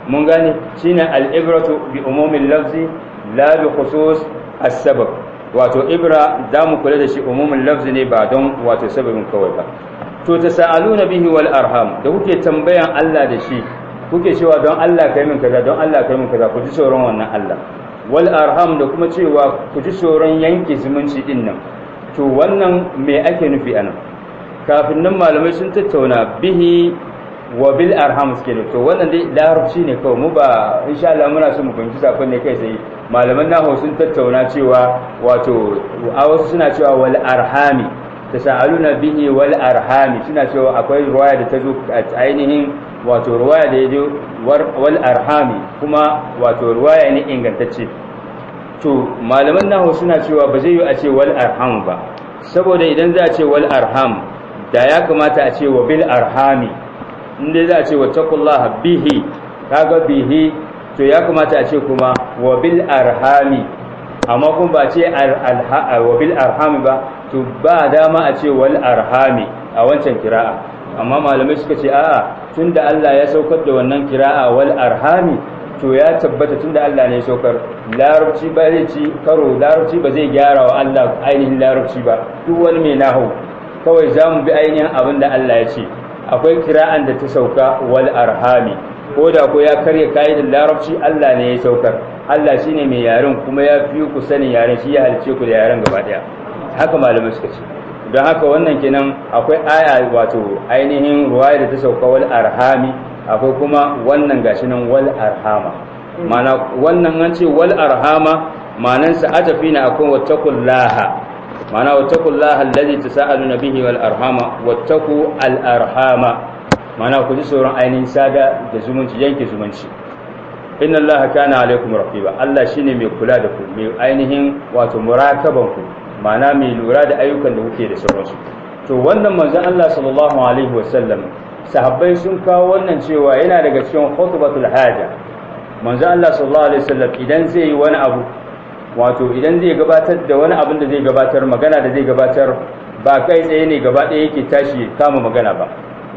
mun gane shine al'ibratu bi umumin lafzi la bi khusus as-sabab wato ibra za mu kula da shi umumin lafzi ne ba don wato sababin kawai ba to tasa'aluna bihi wal arham da kuke tambayan Allah da shi kuke cewa don Allah kai min kaza don Allah kai min kaza ku ji tsoron wannan Allah wal arham da kuma cewa ku ji tsoron yanke zumunci din nan to wannan me ake nufi anan kafin nan malamai sun tattauna bihi wa bil arham suke ne to wannan dai larabci ne kawai mu ba insha Allah muna so mu fahimci sakon ne kai sai malaman nahu sun tattauna cewa wato a wasu suna cewa wal arhami tasaluna bihi wal arhami suna cewa akwai ruwaya da ta zo ainihin wato ruwaya da ya je wal arhami kuma wato ruwaya ne ingantacce to malaman nahu suna cewa ba zai yi a ce wal arham ba saboda idan za a ce wal arham da ya kamata a ce wa bil arhami inda za a ce wa bihi kaga bihi to ya kamata a ce kuma wa bil arhami amma kuma ba ce wa bil arhami ba to ba dama a ce wal arhami a wancan kira'a amma malamai suka ce a'a tunda Allah ya saukar da wannan kira'a wal arhami to ya tabbata tunda Allah ne ya saukar larabci ba zai ci karo larabci ba zai gyara wa Allah ainihin larabci ba duk wani mai nahu kawai za mu bi ainihin abin da Allah ya ce akwai kira'an da ta sauka wal arhami ko da ko ya karya da larabci Allah ne ya saukar Allah shine mai yaren kuma ya fi ku sanin yaren shi ya halice ku da yaren gaba daya haka malamai suka ce don haka wannan kenan akwai aya wato ainihin ruwaya da ta sauka wal arhami akwai kuma wannan gashi nan wal arhama mana wannan an ce wal arhama manan sa na akwai wattaqullaha mana wattaqullaha allazi tasaaluna bihi wal arhama wattaku al arhama mana ku ji sauran ainihin sada da zumunci yanke zumunci inna allaha kana alaikum raqiba allah shine mai kula da ku mai ainihin wato murakaban ku ma'ana mai lura da ayyukan da kuke da sauransu to wannan manzon Allah sallallahu alaihi wasallam sahabbai sun kawo wannan cewa yana daga cikin khutbatul haja manzon Allah sallallahu alaihi wasallam idan zai yi wani abu wato idan zai gabatar da wani abin da zai gabatar magana da zai gabatar ba kai tsaye ne gaba ɗaya yake tashi kama magana ba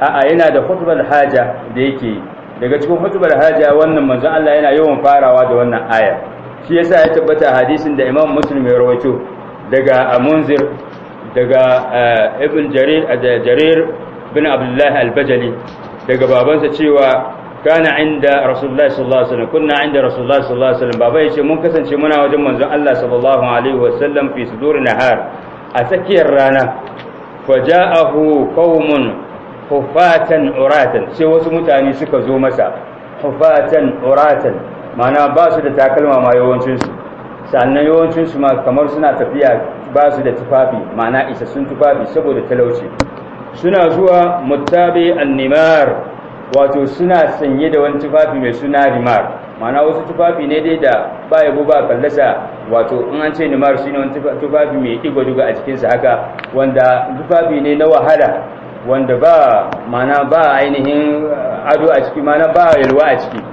a'a yana da khutbal haja da yake daga cikin hutubar haja wannan manzon Allah yana yawan farawa da wannan aya shi yasa ya tabbata hadisin da Imam Muslim ya rawaito daga munzir daga eh, ibn eh, jarir bin abdullahi albajali daga babansa cewa kana inda rasulullah sallallahu alaihi wasallam kunna inda rasulullah sallallahu alaihi wasallam baba yace mun kasance muna wajen manzon Allah sallallahu alaihi wasallam fi sudur nahar a tsakiyar rana faja'ahu qaumun hufatan uratan sai wasu mutane suka zo masa hufatan uratan ma'ana ba su da takalma ma yawancin su sannan yawancin su kamar suna tafiya ba su da tufafi ma'ana isassun tufafi saboda talauci suna zuwa muttabi annimar wato suna sanye da wani tufafi mai suna rimar ma'ana wasu tufafi ne dai da ba ya ba kallasa wato in an ce nimar shine wani tufafi mai digo digo a cikinsa haka wanda tufafi ne na wahala wanda ba ma'ana ba ainihin ado a ciki ma'ana ba yalwa a ciki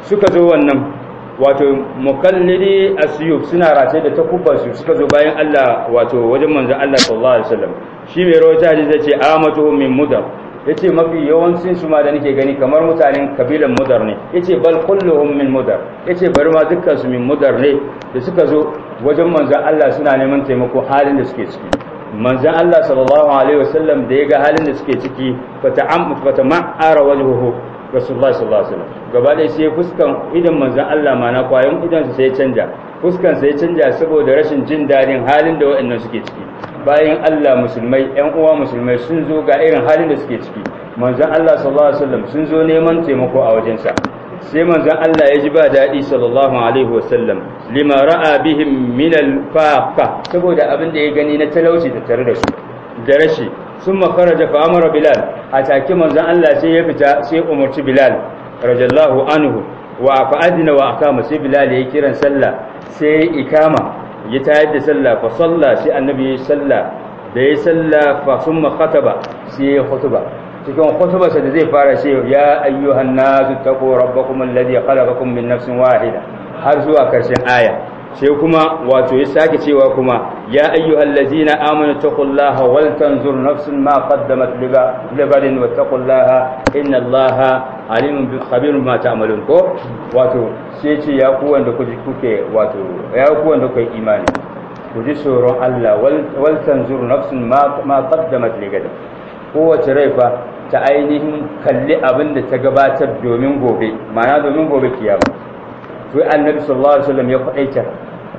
suka zo wannan wato mukallidi asiyuf suna rataye da takubban su suka zo bayan Allah wato wajen manzon Allah sallallahu alaihi wasallam shi mai rawaita hadisi yace amatu min mudar yace mafi yawancin su ma da nake gani kamar mutanen kabilan mudar ne yace bal kulluhum min mudar yace bari ma dukkan su min mudar ne da suka zo wajen manzon Allah suna neman taimako halin da suke ciki manzon Allah sallallahu alaihi wasallam da ya ga halin da suke ciki fata am fata ma'ara wajhuhu rasulullah sallallahu alaihi wasallam gaba ɗaya sai fuskan idan manzon Allah ma na kwayan idan su sai canja fuskan sai canja saboda rashin jin dadin halin da waɗannan suke ciki bayan Allah musulmai ƴan uwa musulmai sun zo ga irin halin da suke ciki manzon Allah sallallahu alaihi wasallam sun zo neman taimako a wajen sa sai manzon Allah ya ji ba daɗi sallallahu alaihi wasallam lima ra'a bihim min al saboda abin da ya gani na talauci da tare da su da rashi sun makaraja fa amara bilal a take manzon Allah sai ya fita sai umarci bilal rajallahu anhu wa fa adina wa akama sai bilal ya kiran sallah sai ikama ya tayar da sallah fa salla sai annabi ya sallah da ya sallah fa summa khataba sai ya khutba cikin khutba sai zai fara sai ya ayyuhan nasu taqu rabbakum alladhi khalaqakum min nafsin wahida har zuwa karshen aya sai kuma wato ya sake cewa kuma ya ayyuhal na amanu taqullaha wal tanzur nafsun ma qaddamat ligadin wa taqullaha inna allaha alimun bi khabirun ma ta'malun ko wato sai ce ya ku wanda kuke wato ya ku wanda kuke imani ku ji tsoron Allah wal tanzur nafsun ma ma qaddamat ligadin kowace rai fa ta ainihin kalli abin da ta gabatar domin gobe ma'ana domin gobe kiyama wai annabi sallallahu alaihi wasallam ya faɗaitar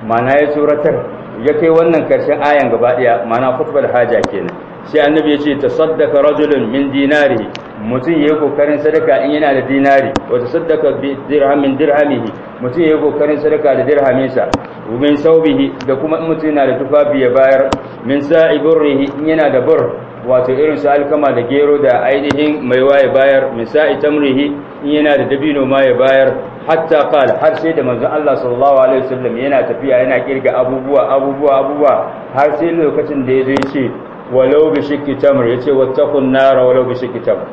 mana ya suratar ya kai wannan karshen ayan gaba daya mana khutbal haja kenan sai annabi ya ce tasaddaka rajulun min dinari mutum yayi kokarin sadaka in yana da dinari wa tasaddaqa bi min dirhamihi mutum yayi kokarin sadaka da dirhaminsa wa min saubihi da kuma mutum yana da tufafi ya bayar min sa'i burrihi in yana da bur wato irin su alkama da gero da ainihin mai waye bayar misa'i tamrihi in yana da dabino ma ya bayar hatta qala har sai da manzon Allah sallallahu alaihi wasallam yana tafiya yana kirga abubuwa abubuwa abubuwa har sai lokacin da yaje yace walau bi shikki tamr yace wattaqun nar walau bi shikki tamr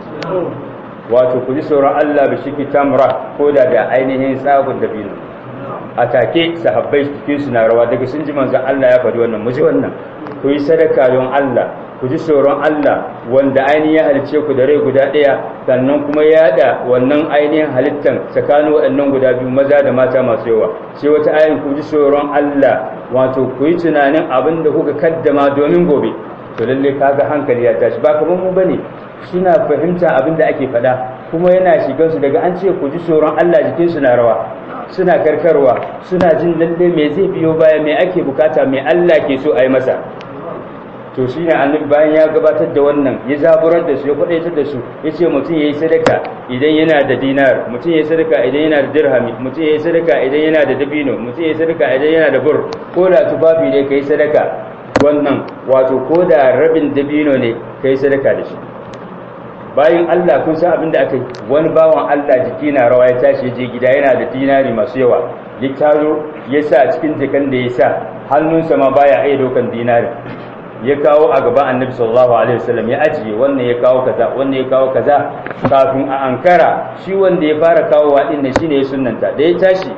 wato ku ji tsoron Allah bi shikki tamra ko da da ainihin tsagun dabino a take sahabbai cikin su na rawa daga sun ji manzon Allah ya faɗi wannan mu ji wannan ku yi sadaka don Allah ku ji tsoron Allah wanda ainihin ya halice ku da rai guda ɗaya sannan kuma ya da wannan ainihin halittan tsakanin waɗannan guda biyu maza da mata masu yawa sai wata ayin ku ji tsoron Allah wato ku yi tunanin abin da kuka kaddama domin gobe to lalle kaga hankali ya tashi ba kamar mu bane suna fahimta abin da ake faɗa kuma yana shigar su daga an ce ku ji tsoron Allah jikin su na rawa suna karkarwa suna jin lalle me zai biyo baya me ake bukata me Allah ke so a yi masa to shi ne annabi bayan ya gabatar da wannan ya zaburar da su ya kwadaitar da su ya ce mutum ya yi sadaka idan yana da dinar mutum ya yi sadaka idan yana da dirhami mutum ya yi sadaka idan yana da dabino mutum ya yi sadaka idan yana da bur ko da tufafi ne ka yi sadaka wannan wato ko da rabin dabino ne ka yi sadaka da shi bayan Allah kun san abin da aka yi wani bawan Allah jiki na rawa ya tashi ya je gida yana da dinari masu yawa ya ya sa cikin jakan da ya sa hannunsa ma baya iya dokan dinari ya kawo a gaba annabi sallallahu alaihi wasallam ya ajiye wannan ya kawo kaza wannan ya kawo kaza kafin a ankara shi wanda ya fara kawowa din nan shine ya sunnanta da ya tashi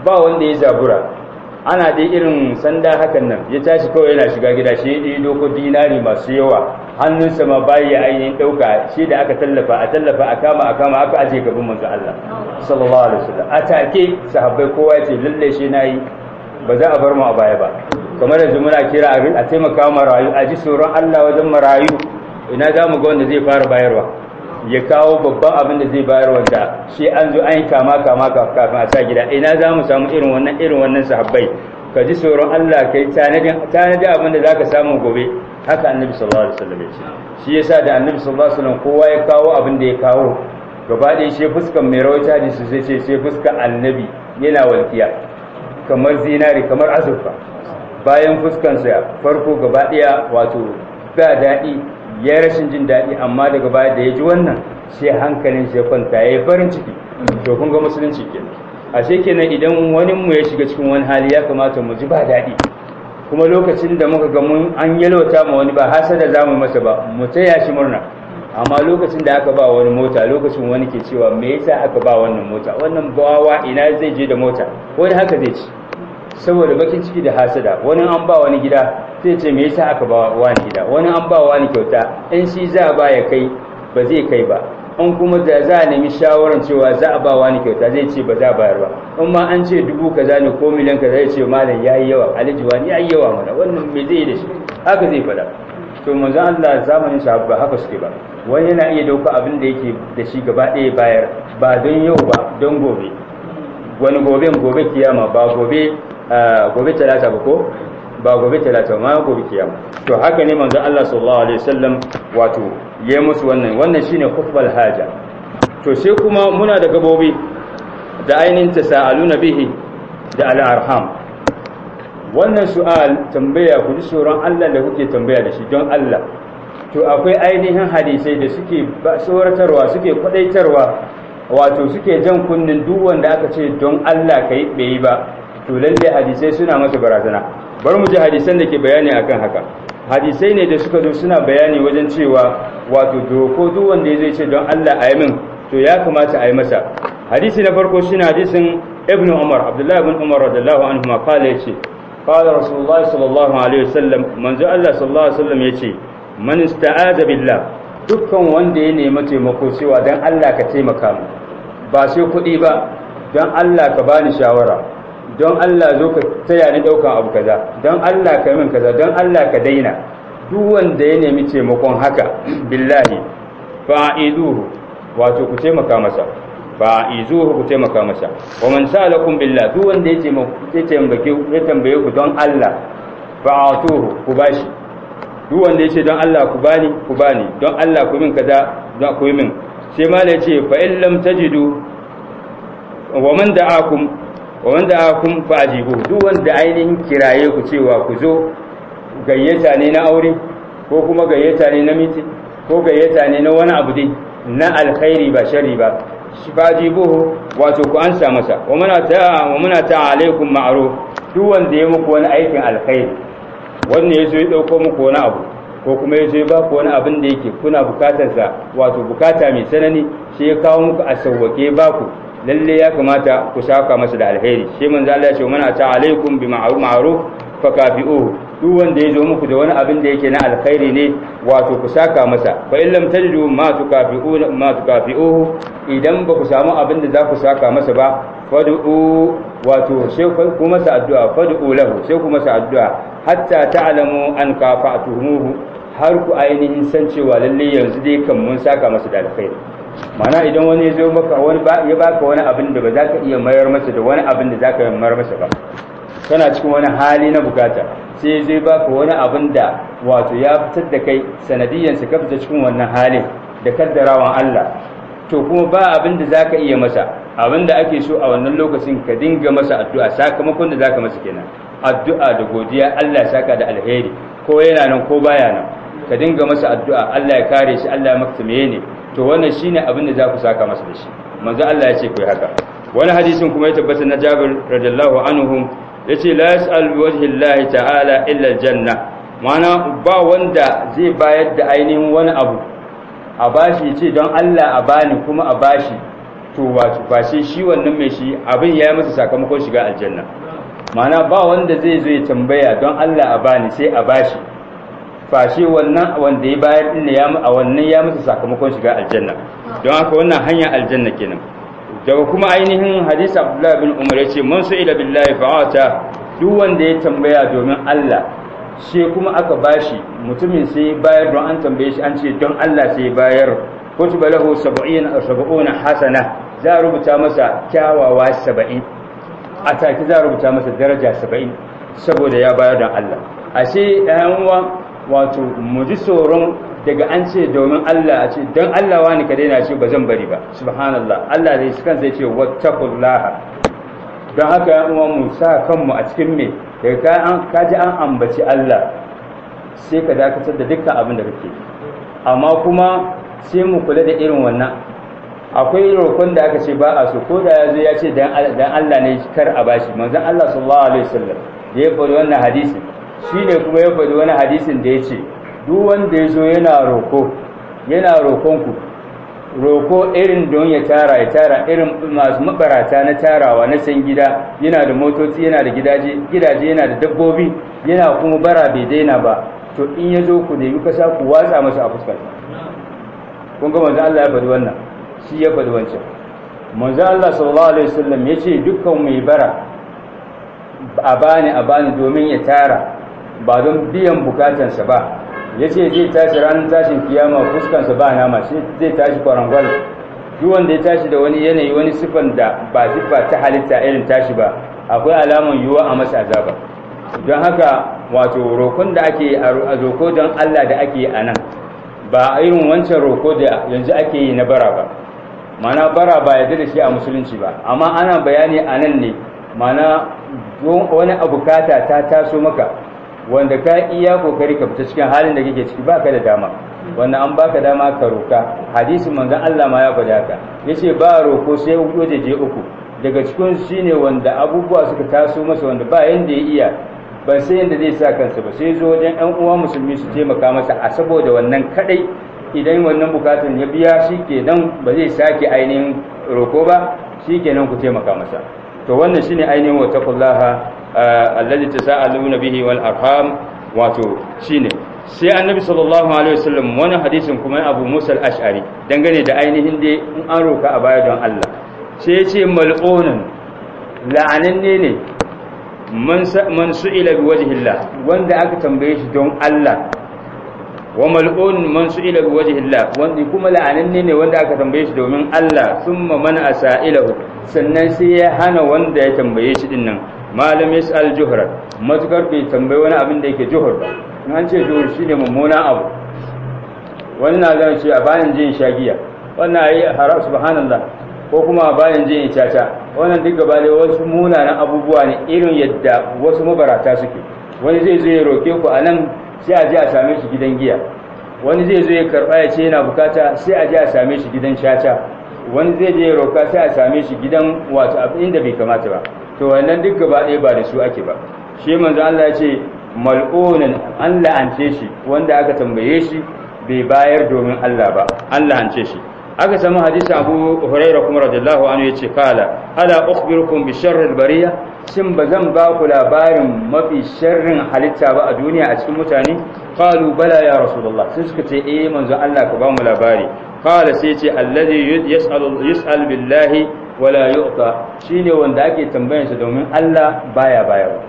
ba wanda ya zabura ana dai irin sanda hakan nan ya tashi kawai yana shiga gida shi ya ko dinari masu yawa hannunsa ma bayi ya ainihin ɗauka shi da aka tallafa a tallafa a kama a kama aka aje gaban manzo Allah sallallahu alaihi wasallam a take sahabbai kowa ya ce lalle shi nayi ba za a bar mu a baya ba kamar yanzu muna kira a taimaka marayu a ji tsoron Allah wajen marayu ina za mu ga wanda zai fara bayarwa ya kawo babban abin da zai bayar wanda shi an zo an yi kama kama kafin a sa gida ina za mu samu irin wannan irin wannan sahabbai ka ji tsoron Allah ka yi tanadi abin da za ka samu gobe haka annabi sallallahu alaihi wasallam ya ce shi yasa da annabi sallallahu alaihi wasallam kowa ya kawo abin da ya kawo gaba ɗaya shi fuskan mai rawaita hadisi zai ce sai fuskan annabi yana walƙiya kamar zinari kamar azurfa bayan fuskansa farko gaba ɗaya wato ba daɗi ya rashin jin daɗi amma daga baya da ya ji wannan sai hankalin shi ya kwanta ya yi farin ciki to kun ga musulunci kenan A shi kenan idan wani mu ya shiga cikin wani hali ya kamata mu ji ba daɗi kuma lokacin da muka ga mun an yalwata ma wani ba hasada za mu masa ba mu taya shi murna amma lokacin da aka ba wani mota lokacin wani ke cewa me yasa aka ba wannan mota wannan bawa ina zai je da mota wani haka zai ci saboda bakin ciki da hasada wani an ba wani gida zai ce me yasa aka ba wani gida wani an ba wani kyauta in shi za a ba ya kai ba zai kai ba in kuma za a nemi shawarar cewa za a ba wani kyauta zai ce ba za a bayar ba in ma an ce dubu kaza ne ko miliyan kaza zai ce malam yi yawa alhaji wani yi yawa mana wannan me zai yi da shi haka zai faɗa to manzo Allah zamanin sahabba haka suke ba wani yana iya dauka abin da yake da shi gaba ɗaya bayar ba don yau ba don gobe wani gobe gobe kiyama ba gobe gobe talata ba ko ba gobe talata ma gobe kiyama to haka ne manzo Allah sallallahu alaihi wasallam wato yayi musu wannan wannan shine khutbal haja to sai kuma muna da gabobi da ainin tasaaluna bihi da al arham wannan su'al tambaya ku ji tsoron Allah da kuke tambaya da shi don Allah to akwai ainihin hadisai da suke tsoratarwa suke kwadaitarwa wato suke jan kunnin duk wanda aka ce don Allah ka yi bai ba to lalle hadisai suna masa barazana bari mu ji hadisan da ke bayani akan haka hadisai ne da suka zo suna bayani wajen cewa wato doko duk wanda ya zai ce don Allah a yi min to ya kamata a yi masa hadisi na farko shi na hadisin ibn umar abdullahi ibn umar radallahu anhu ma kala ya ce kala rasulullahi sallallahu alaihi wasallam manzo Allah sallallahu alaihi wasallam ya ce man ista'aza billah dukkan wanda ya nemi taimako cewa don Allah ka taimaka mu ba sai kuɗi ba don Allah ka bani shawara don Allah zo ka taya ni ɗaukan abu kaza don Allah ka min kaza don Allah ka daina duk wanda ya nemi taimakon haka billahi fa'izuhu wato ku taimaka masa fa'izuhu ku taimaka masa wa man salakum billah duk wanda ya taimake ya tambaye ku don Allah fa'atuhu ku bashi duk wanda ya ce don Allah ku bani ku bani don Allah ku min kaza za ku yi min sai ma ya ce fa in lam tajidu wa man da'akum wa man da'akum fa ajibu duk wanda ainihin kiraye ku cewa ku zo gayyata ne na aure ko kuma gayyata ne na miti ko gayyata ne na wani abu dai na alkhairi ba sharri ba ajibu wato ku ansa masa wa muna ta wa muna ta alaikum ma'ruf duk wanda ya muku wani aikin alkhairi wannan ya zo ya ɗauko muku wani abu ko kuma ya zo ya baku wani abin da yake kuna bukatarsa wato bukata mai tsanani shi ya kawo muku a sauwake baku lalle ya kamata ku saka masa da alheri shi manzo Allah ya ce mana ta alaikum bi ma'ruf duk wanda ya zo muku da wani abin da yake na alkhairi ne wato ku saka masa fa in lam tajidu ma tukafi'u ma tukafi'u idan ba ku samu abin da za ku saka masa ba fad'u wato sai ku masa addu'a fad'u lahu sai ku masa addu'a hatta ta'lamu an kafa'tumuhu har ku ainihin san cewa lalle yanzu dai kan mun saka masa da alkhairi mana idan wani ya zo maka wani ya baka wani abin da ba za ka iya mayar masa da wani abin da za ka mayar masa ba kana cikin wani hali na bukata sai zai baka wani abin da wato ya fitar da kai sanadiyan sa ka fita cikin wannan halin da kaddarawan Allah to kuma ba abin da zaka iya masa abin da ake so a wannan lokacin ka dinga masa addu'a sakamakon da zaka masa kenan addu'a da godiya Allah ya saka da alheri ko yana nan ko baya nan ka dinga masa addu'a Allah ya kare shi Allah ya maktume ne to wannan shine abin da za saka masa da shi manzo Allah ya ce ku yi haka wani hadisin kuma ya tabbata na Jabir radiyallahu anhu yace la yas'al bi wajhi ta'ala illa janna mana ba wanda zai bayar da ainihin wani abu a bashi ce don Allah a bani kuma a bashi to wato fashe shi wannan mai shi abin ya yi masa sakamakon shiga aljanna mana ba wanda zai zo ya tambaya don Allah a bani sai a bashi fashe wannan wanda ya bayar din ya a wannan ya masa sakamakon shiga aljanna don haka wannan hanya aljanna kenan daga kuma ainihin hadisi abdullahi bin umar ya ce mun ila billahi fa'ata duk wanda ya tambaya domin Allah sai kuma aka bashi mutumin sai bayar don an tambaye shi an ce don Allah sai bayar kutuba balahu 70 70 hasana za rubuta masa kyawawa 70 a take za rubuta masa daraja 70 saboda ya bayar don Allah ashe ɗan uwa wato mu ji tsoron daga an ce domin Allah a ce don Allah wa wani ka daina ce ba zan bari ba subhanallah Allah zai kan zai ce wattaqullaha don haka ya uwa mu sa kanmu a cikin mai, daga ka an ka ji an ambaci Allah sai ka dakatar da dukkan abin da kake amma kuma sai mu kula da irin wannan akwai roƙon da aka ce ba a so ko da ya zo ya ce dan Allah ne kar a bashi manzon Allah sallallahu alaihi wasallam da ya faɗi wannan shi shine kuma ya faɗi wani hadisin da ya ce duk wanda ya zo yana roko yana rokonku roko irin don ya tara ya tara irin masu mabarata na tarawa na can gida yana da motoci yana da gidaje gidaje yana da dabbobi yana kuma bara bai daina ba to in ya zo ku da nemi kasa ku watsa masa a fuskar kun ga manzo Allah ya faɗi wannan shi ya faɗi wancan manzo Allah sallallahu alaihi wasallam ya ce dukkan mai bara a bani a bani domin ya tara ba don biyan bukatansa ba ya ce zai tashi ranar tashin kiyama fuskansa ba nama shi zai tashi kwarangwal duk wanda ya tashi da wani yanayi wani siffan da ba siffa ta halitta irin tashi ba akwai alaman yiwuwa a masa azaba don haka wato rokon da ake a zoko don Allah da ake a nan ba irin wancan roko da yanzu ake yi na bara ba mana bara ba yadda da shi a musulunci ba amma ana bayani a nan ne mana wani kata ta taso maka wanda ka iya kokari ka fita cikin halin da kake ciki ba ka da dama wannan an baka dama ka roka hadisin manzon Allah ma ya faɗa haka yace ba roko sai waje je uku daga cikin shine wanda abubuwa suka taso masa wanda ba yanda ya iya ba sai yanda zai sa kansa ba sai zo wajen ɗan uwa musulmi su taimaka masa a saboda wannan kadai idan wannan bukatun ya biya shi nan ba zai sake ainihin roko ba shi nan ku taimaka masa to wannan shine ainihin wata taqullaha allazi tasaaluna bihi wal arham wato shine sai annabi sallallahu alaihi wasallam wani hadisin kuma abu musa al-ash'ari dangane da ainihin dai in an roka a baya don Allah sai ya ce mal'onin la'ananne ne man su'ila bi wajhillah wanda aka tambaye shi don Allah wa mal'un man su'ila bi wajhillah wanda kuma la'ananne ne wanda aka tambaye shi domin Allah thumma man asa'ilahu sannan sai ya hana wanda ya tambaye shi din nan malam yas'al juhran matukar bai tambayi wani abin da yake juhur ba in an ce juhur ne mummuna abu wani na zama ce a bayan jin shagiya wannan ayi haram subhanallah ko kuma a bayan jin icaca wannan duk gaba da wasu munanan abubuwa ne irin yadda wasu mabarata suke wani zai zo ya roke ku a nan sai a je a same shi gidan giya wani zai zo ya karɓa ya ce yana bukata sai a je a same shi gidan caca wani zai je ya roka sai a same shi gidan wato abin da bai kamata ba to wannan duk gaba ɗaya ba da su ake ba shi manzo Allah ya ce mal'unan an la'ance shi wanda aka tambaye shi bai bayar domin Allah ba an la'ance shi aka samu hadisi Abu Hurairah kuma radiyallahu anhu yace kala ala ukhbirukum bi sharril bariya shin bazan ba ku labarin mafi sharrin halitta ba a duniya a cikin mutane qalu bala ya rasulullah sai suka ce eh manzo Allah ka ba mu labari qala sai yace allazi yas'alu yas'al billahi wala yu'ta shine wanda ake tambayan shi domin Allah baya bayarwa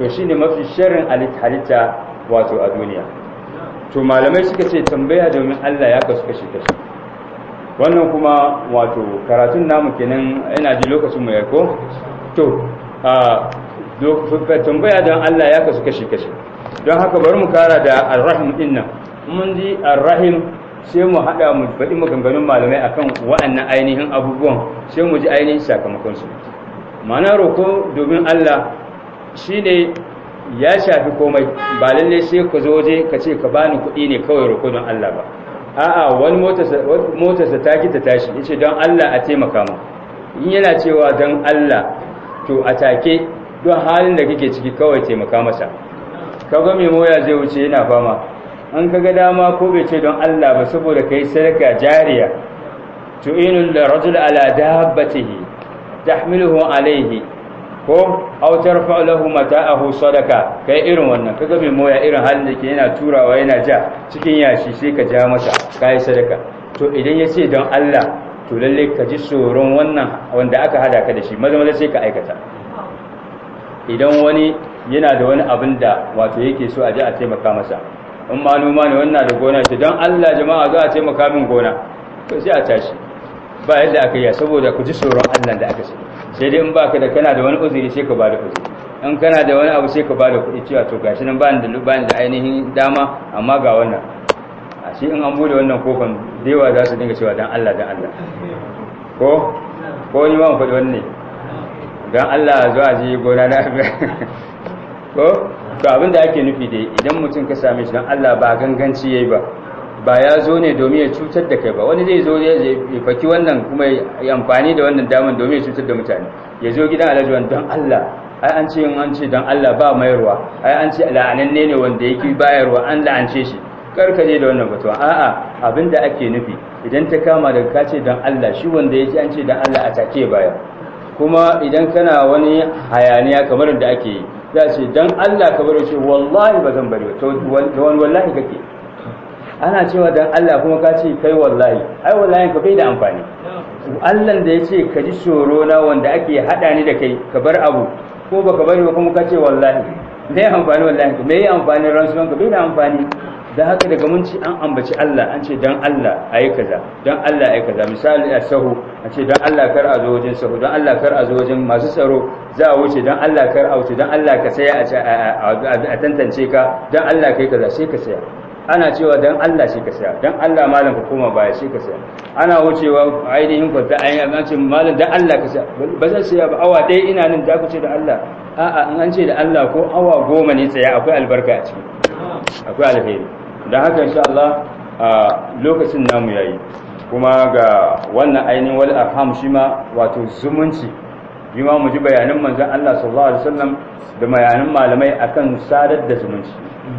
to shine mafi sharrin halitta wato a duniya to malamai suka ce tambaya domin Allah ya kasu kashi kashi wannan kuma wato karatun namu kenan ina ji lokacin mu ya ko to a tambaya don Allah ya kasu kashi kashi don haka bari mu kara da arrahim din nan mun ji arrahim sai mu haɗa mu faɗi maganganun malamai akan waɗannan ainihin abubuwan sai mu ji ainihin sakamakonsu Mana roko domin Allah shine ya shafi komai ba lalle sai ku zo waje ka ce ka bani kuɗi ne kawai roko don Allah ba a'a wani motarsa ta ta tashi yace don Allah a taimaka mu in yana cewa don Allah to a take don halin da kake ciki kawai taimaka masa kaga me moya zai wuce yana fama an kaga dama ko bai ce don Allah ba saboda kai sadaka jariya tu'inul rajul ala dabbatihi tahmiluhu alayhi, ko aw tarfa lahu mata'ahu sadaka kai irin wannan kaga bai moya irin halin da ke yana turawa yana ja cikin yashi sai ka ja masa kai sadaka to idan ya ce don Allah to lalle ka ji tsoron wannan wanda aka hada ka da shi maza maza sai ka aikata idan wani yana da wani abin da wato yake so a ji a taimaka masa in ma noma ne wannan da gona shi don Allah jama'a za a ce makamin gona to sai a tashi ba yadda aka yi saboda ku ji tsoron Allah da aka ce sai dai in ka da kana da wani uzuri sai ka bada uzuri in kana da wani abu sai ka bada kuɗi cewa to gashi nan bani da bayan da ainihin dama amma ga wannan a shi in an bude wannan kofan dewa za su dinga cewa dan Allah dan Allah ko ko ni ma mu faɗi wannan dan Allah zuwa ji gona na <laughs> ko to abin da ake nufi dai idan mutum ka same shi dan Allah ba ganganci yayi ba ba ya zo ne domin ya cutar da kai ba wani zai zo ya faki wannan kuma ya amfani da wannan daman domin ya cutar da mutane ya zo gidan alhaji wani don Allah ai an ce an ce don Allah ba mayarwa ai an ce la'ananne ne wanda yake bayarwa an la'ance shi ka je da wannan a a'a abin da ake nufi idan ta kama daga ka ce don Allah shi wanda ya an ce don Allah a take baya kuma idan kana wani hayaniya kamar da ake yi za ce dan Allah ka bari ce wallahi ba zan bari ba wani wallahi kake ana cewa dan Allah kuma ka ce kai wallahi ai wallahi ka bai da amfani Allah da ya ce ka ji tsoro na wanda ake hada ni da kai ka bar abu ko ka bari ba kuma ka ce wallahi me amfani wallahi me yi amfani ransuwan ka bai da amfani don haka daga mun ci an ambaci Allah an ce dan Allah ayi kaza dan Allah ayi kaza misali a sahu a ce don Allah kar a zo wajen tsaro don Allah kar a zo wajen masu tsaro za a wuce don Allah kar a wuce don Allah ka saya a tantance ka don Allah kai kaza sai ka saya ana cewa don Allah sai ka saya don Allah malam ka koma baya sai ka saya ana wucewa ainihin kwanta an ce malam don Allah ka saya ba zan saya ba awa ɗaya ina nan da ku ce da Allah a'a in an ce da Allah ko awa goma ne tsaya akwai albarka a ciki akwai alheri don haka insha Allah lokacin namu yayi kuma ga wannan ainihin wal arham shi ma wato zumunci yi ma mu ji bayanin manzon Allah sallallahu alaihi wasallam da bayanin malamai akan sadar da zumunci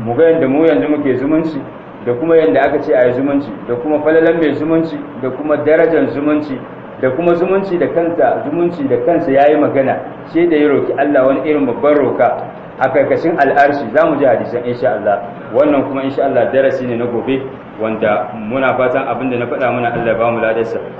mu ga yadda mu yanzu muke zumunci da kuma yadda aka ce ayi yi zumunci da kuma falalan mai zumunci da kuma darajar zumunci da kuma zumunci da kansa da kansa ya yi magana sai da ya roki Allah wani irin babban roka a karkashin al'arshi za mu ji hadisan insha Allah wannan kuma insha Allah darasi ne na gobe wanda muna fatan abin da na faɗa mana Allah ba mu ladarsa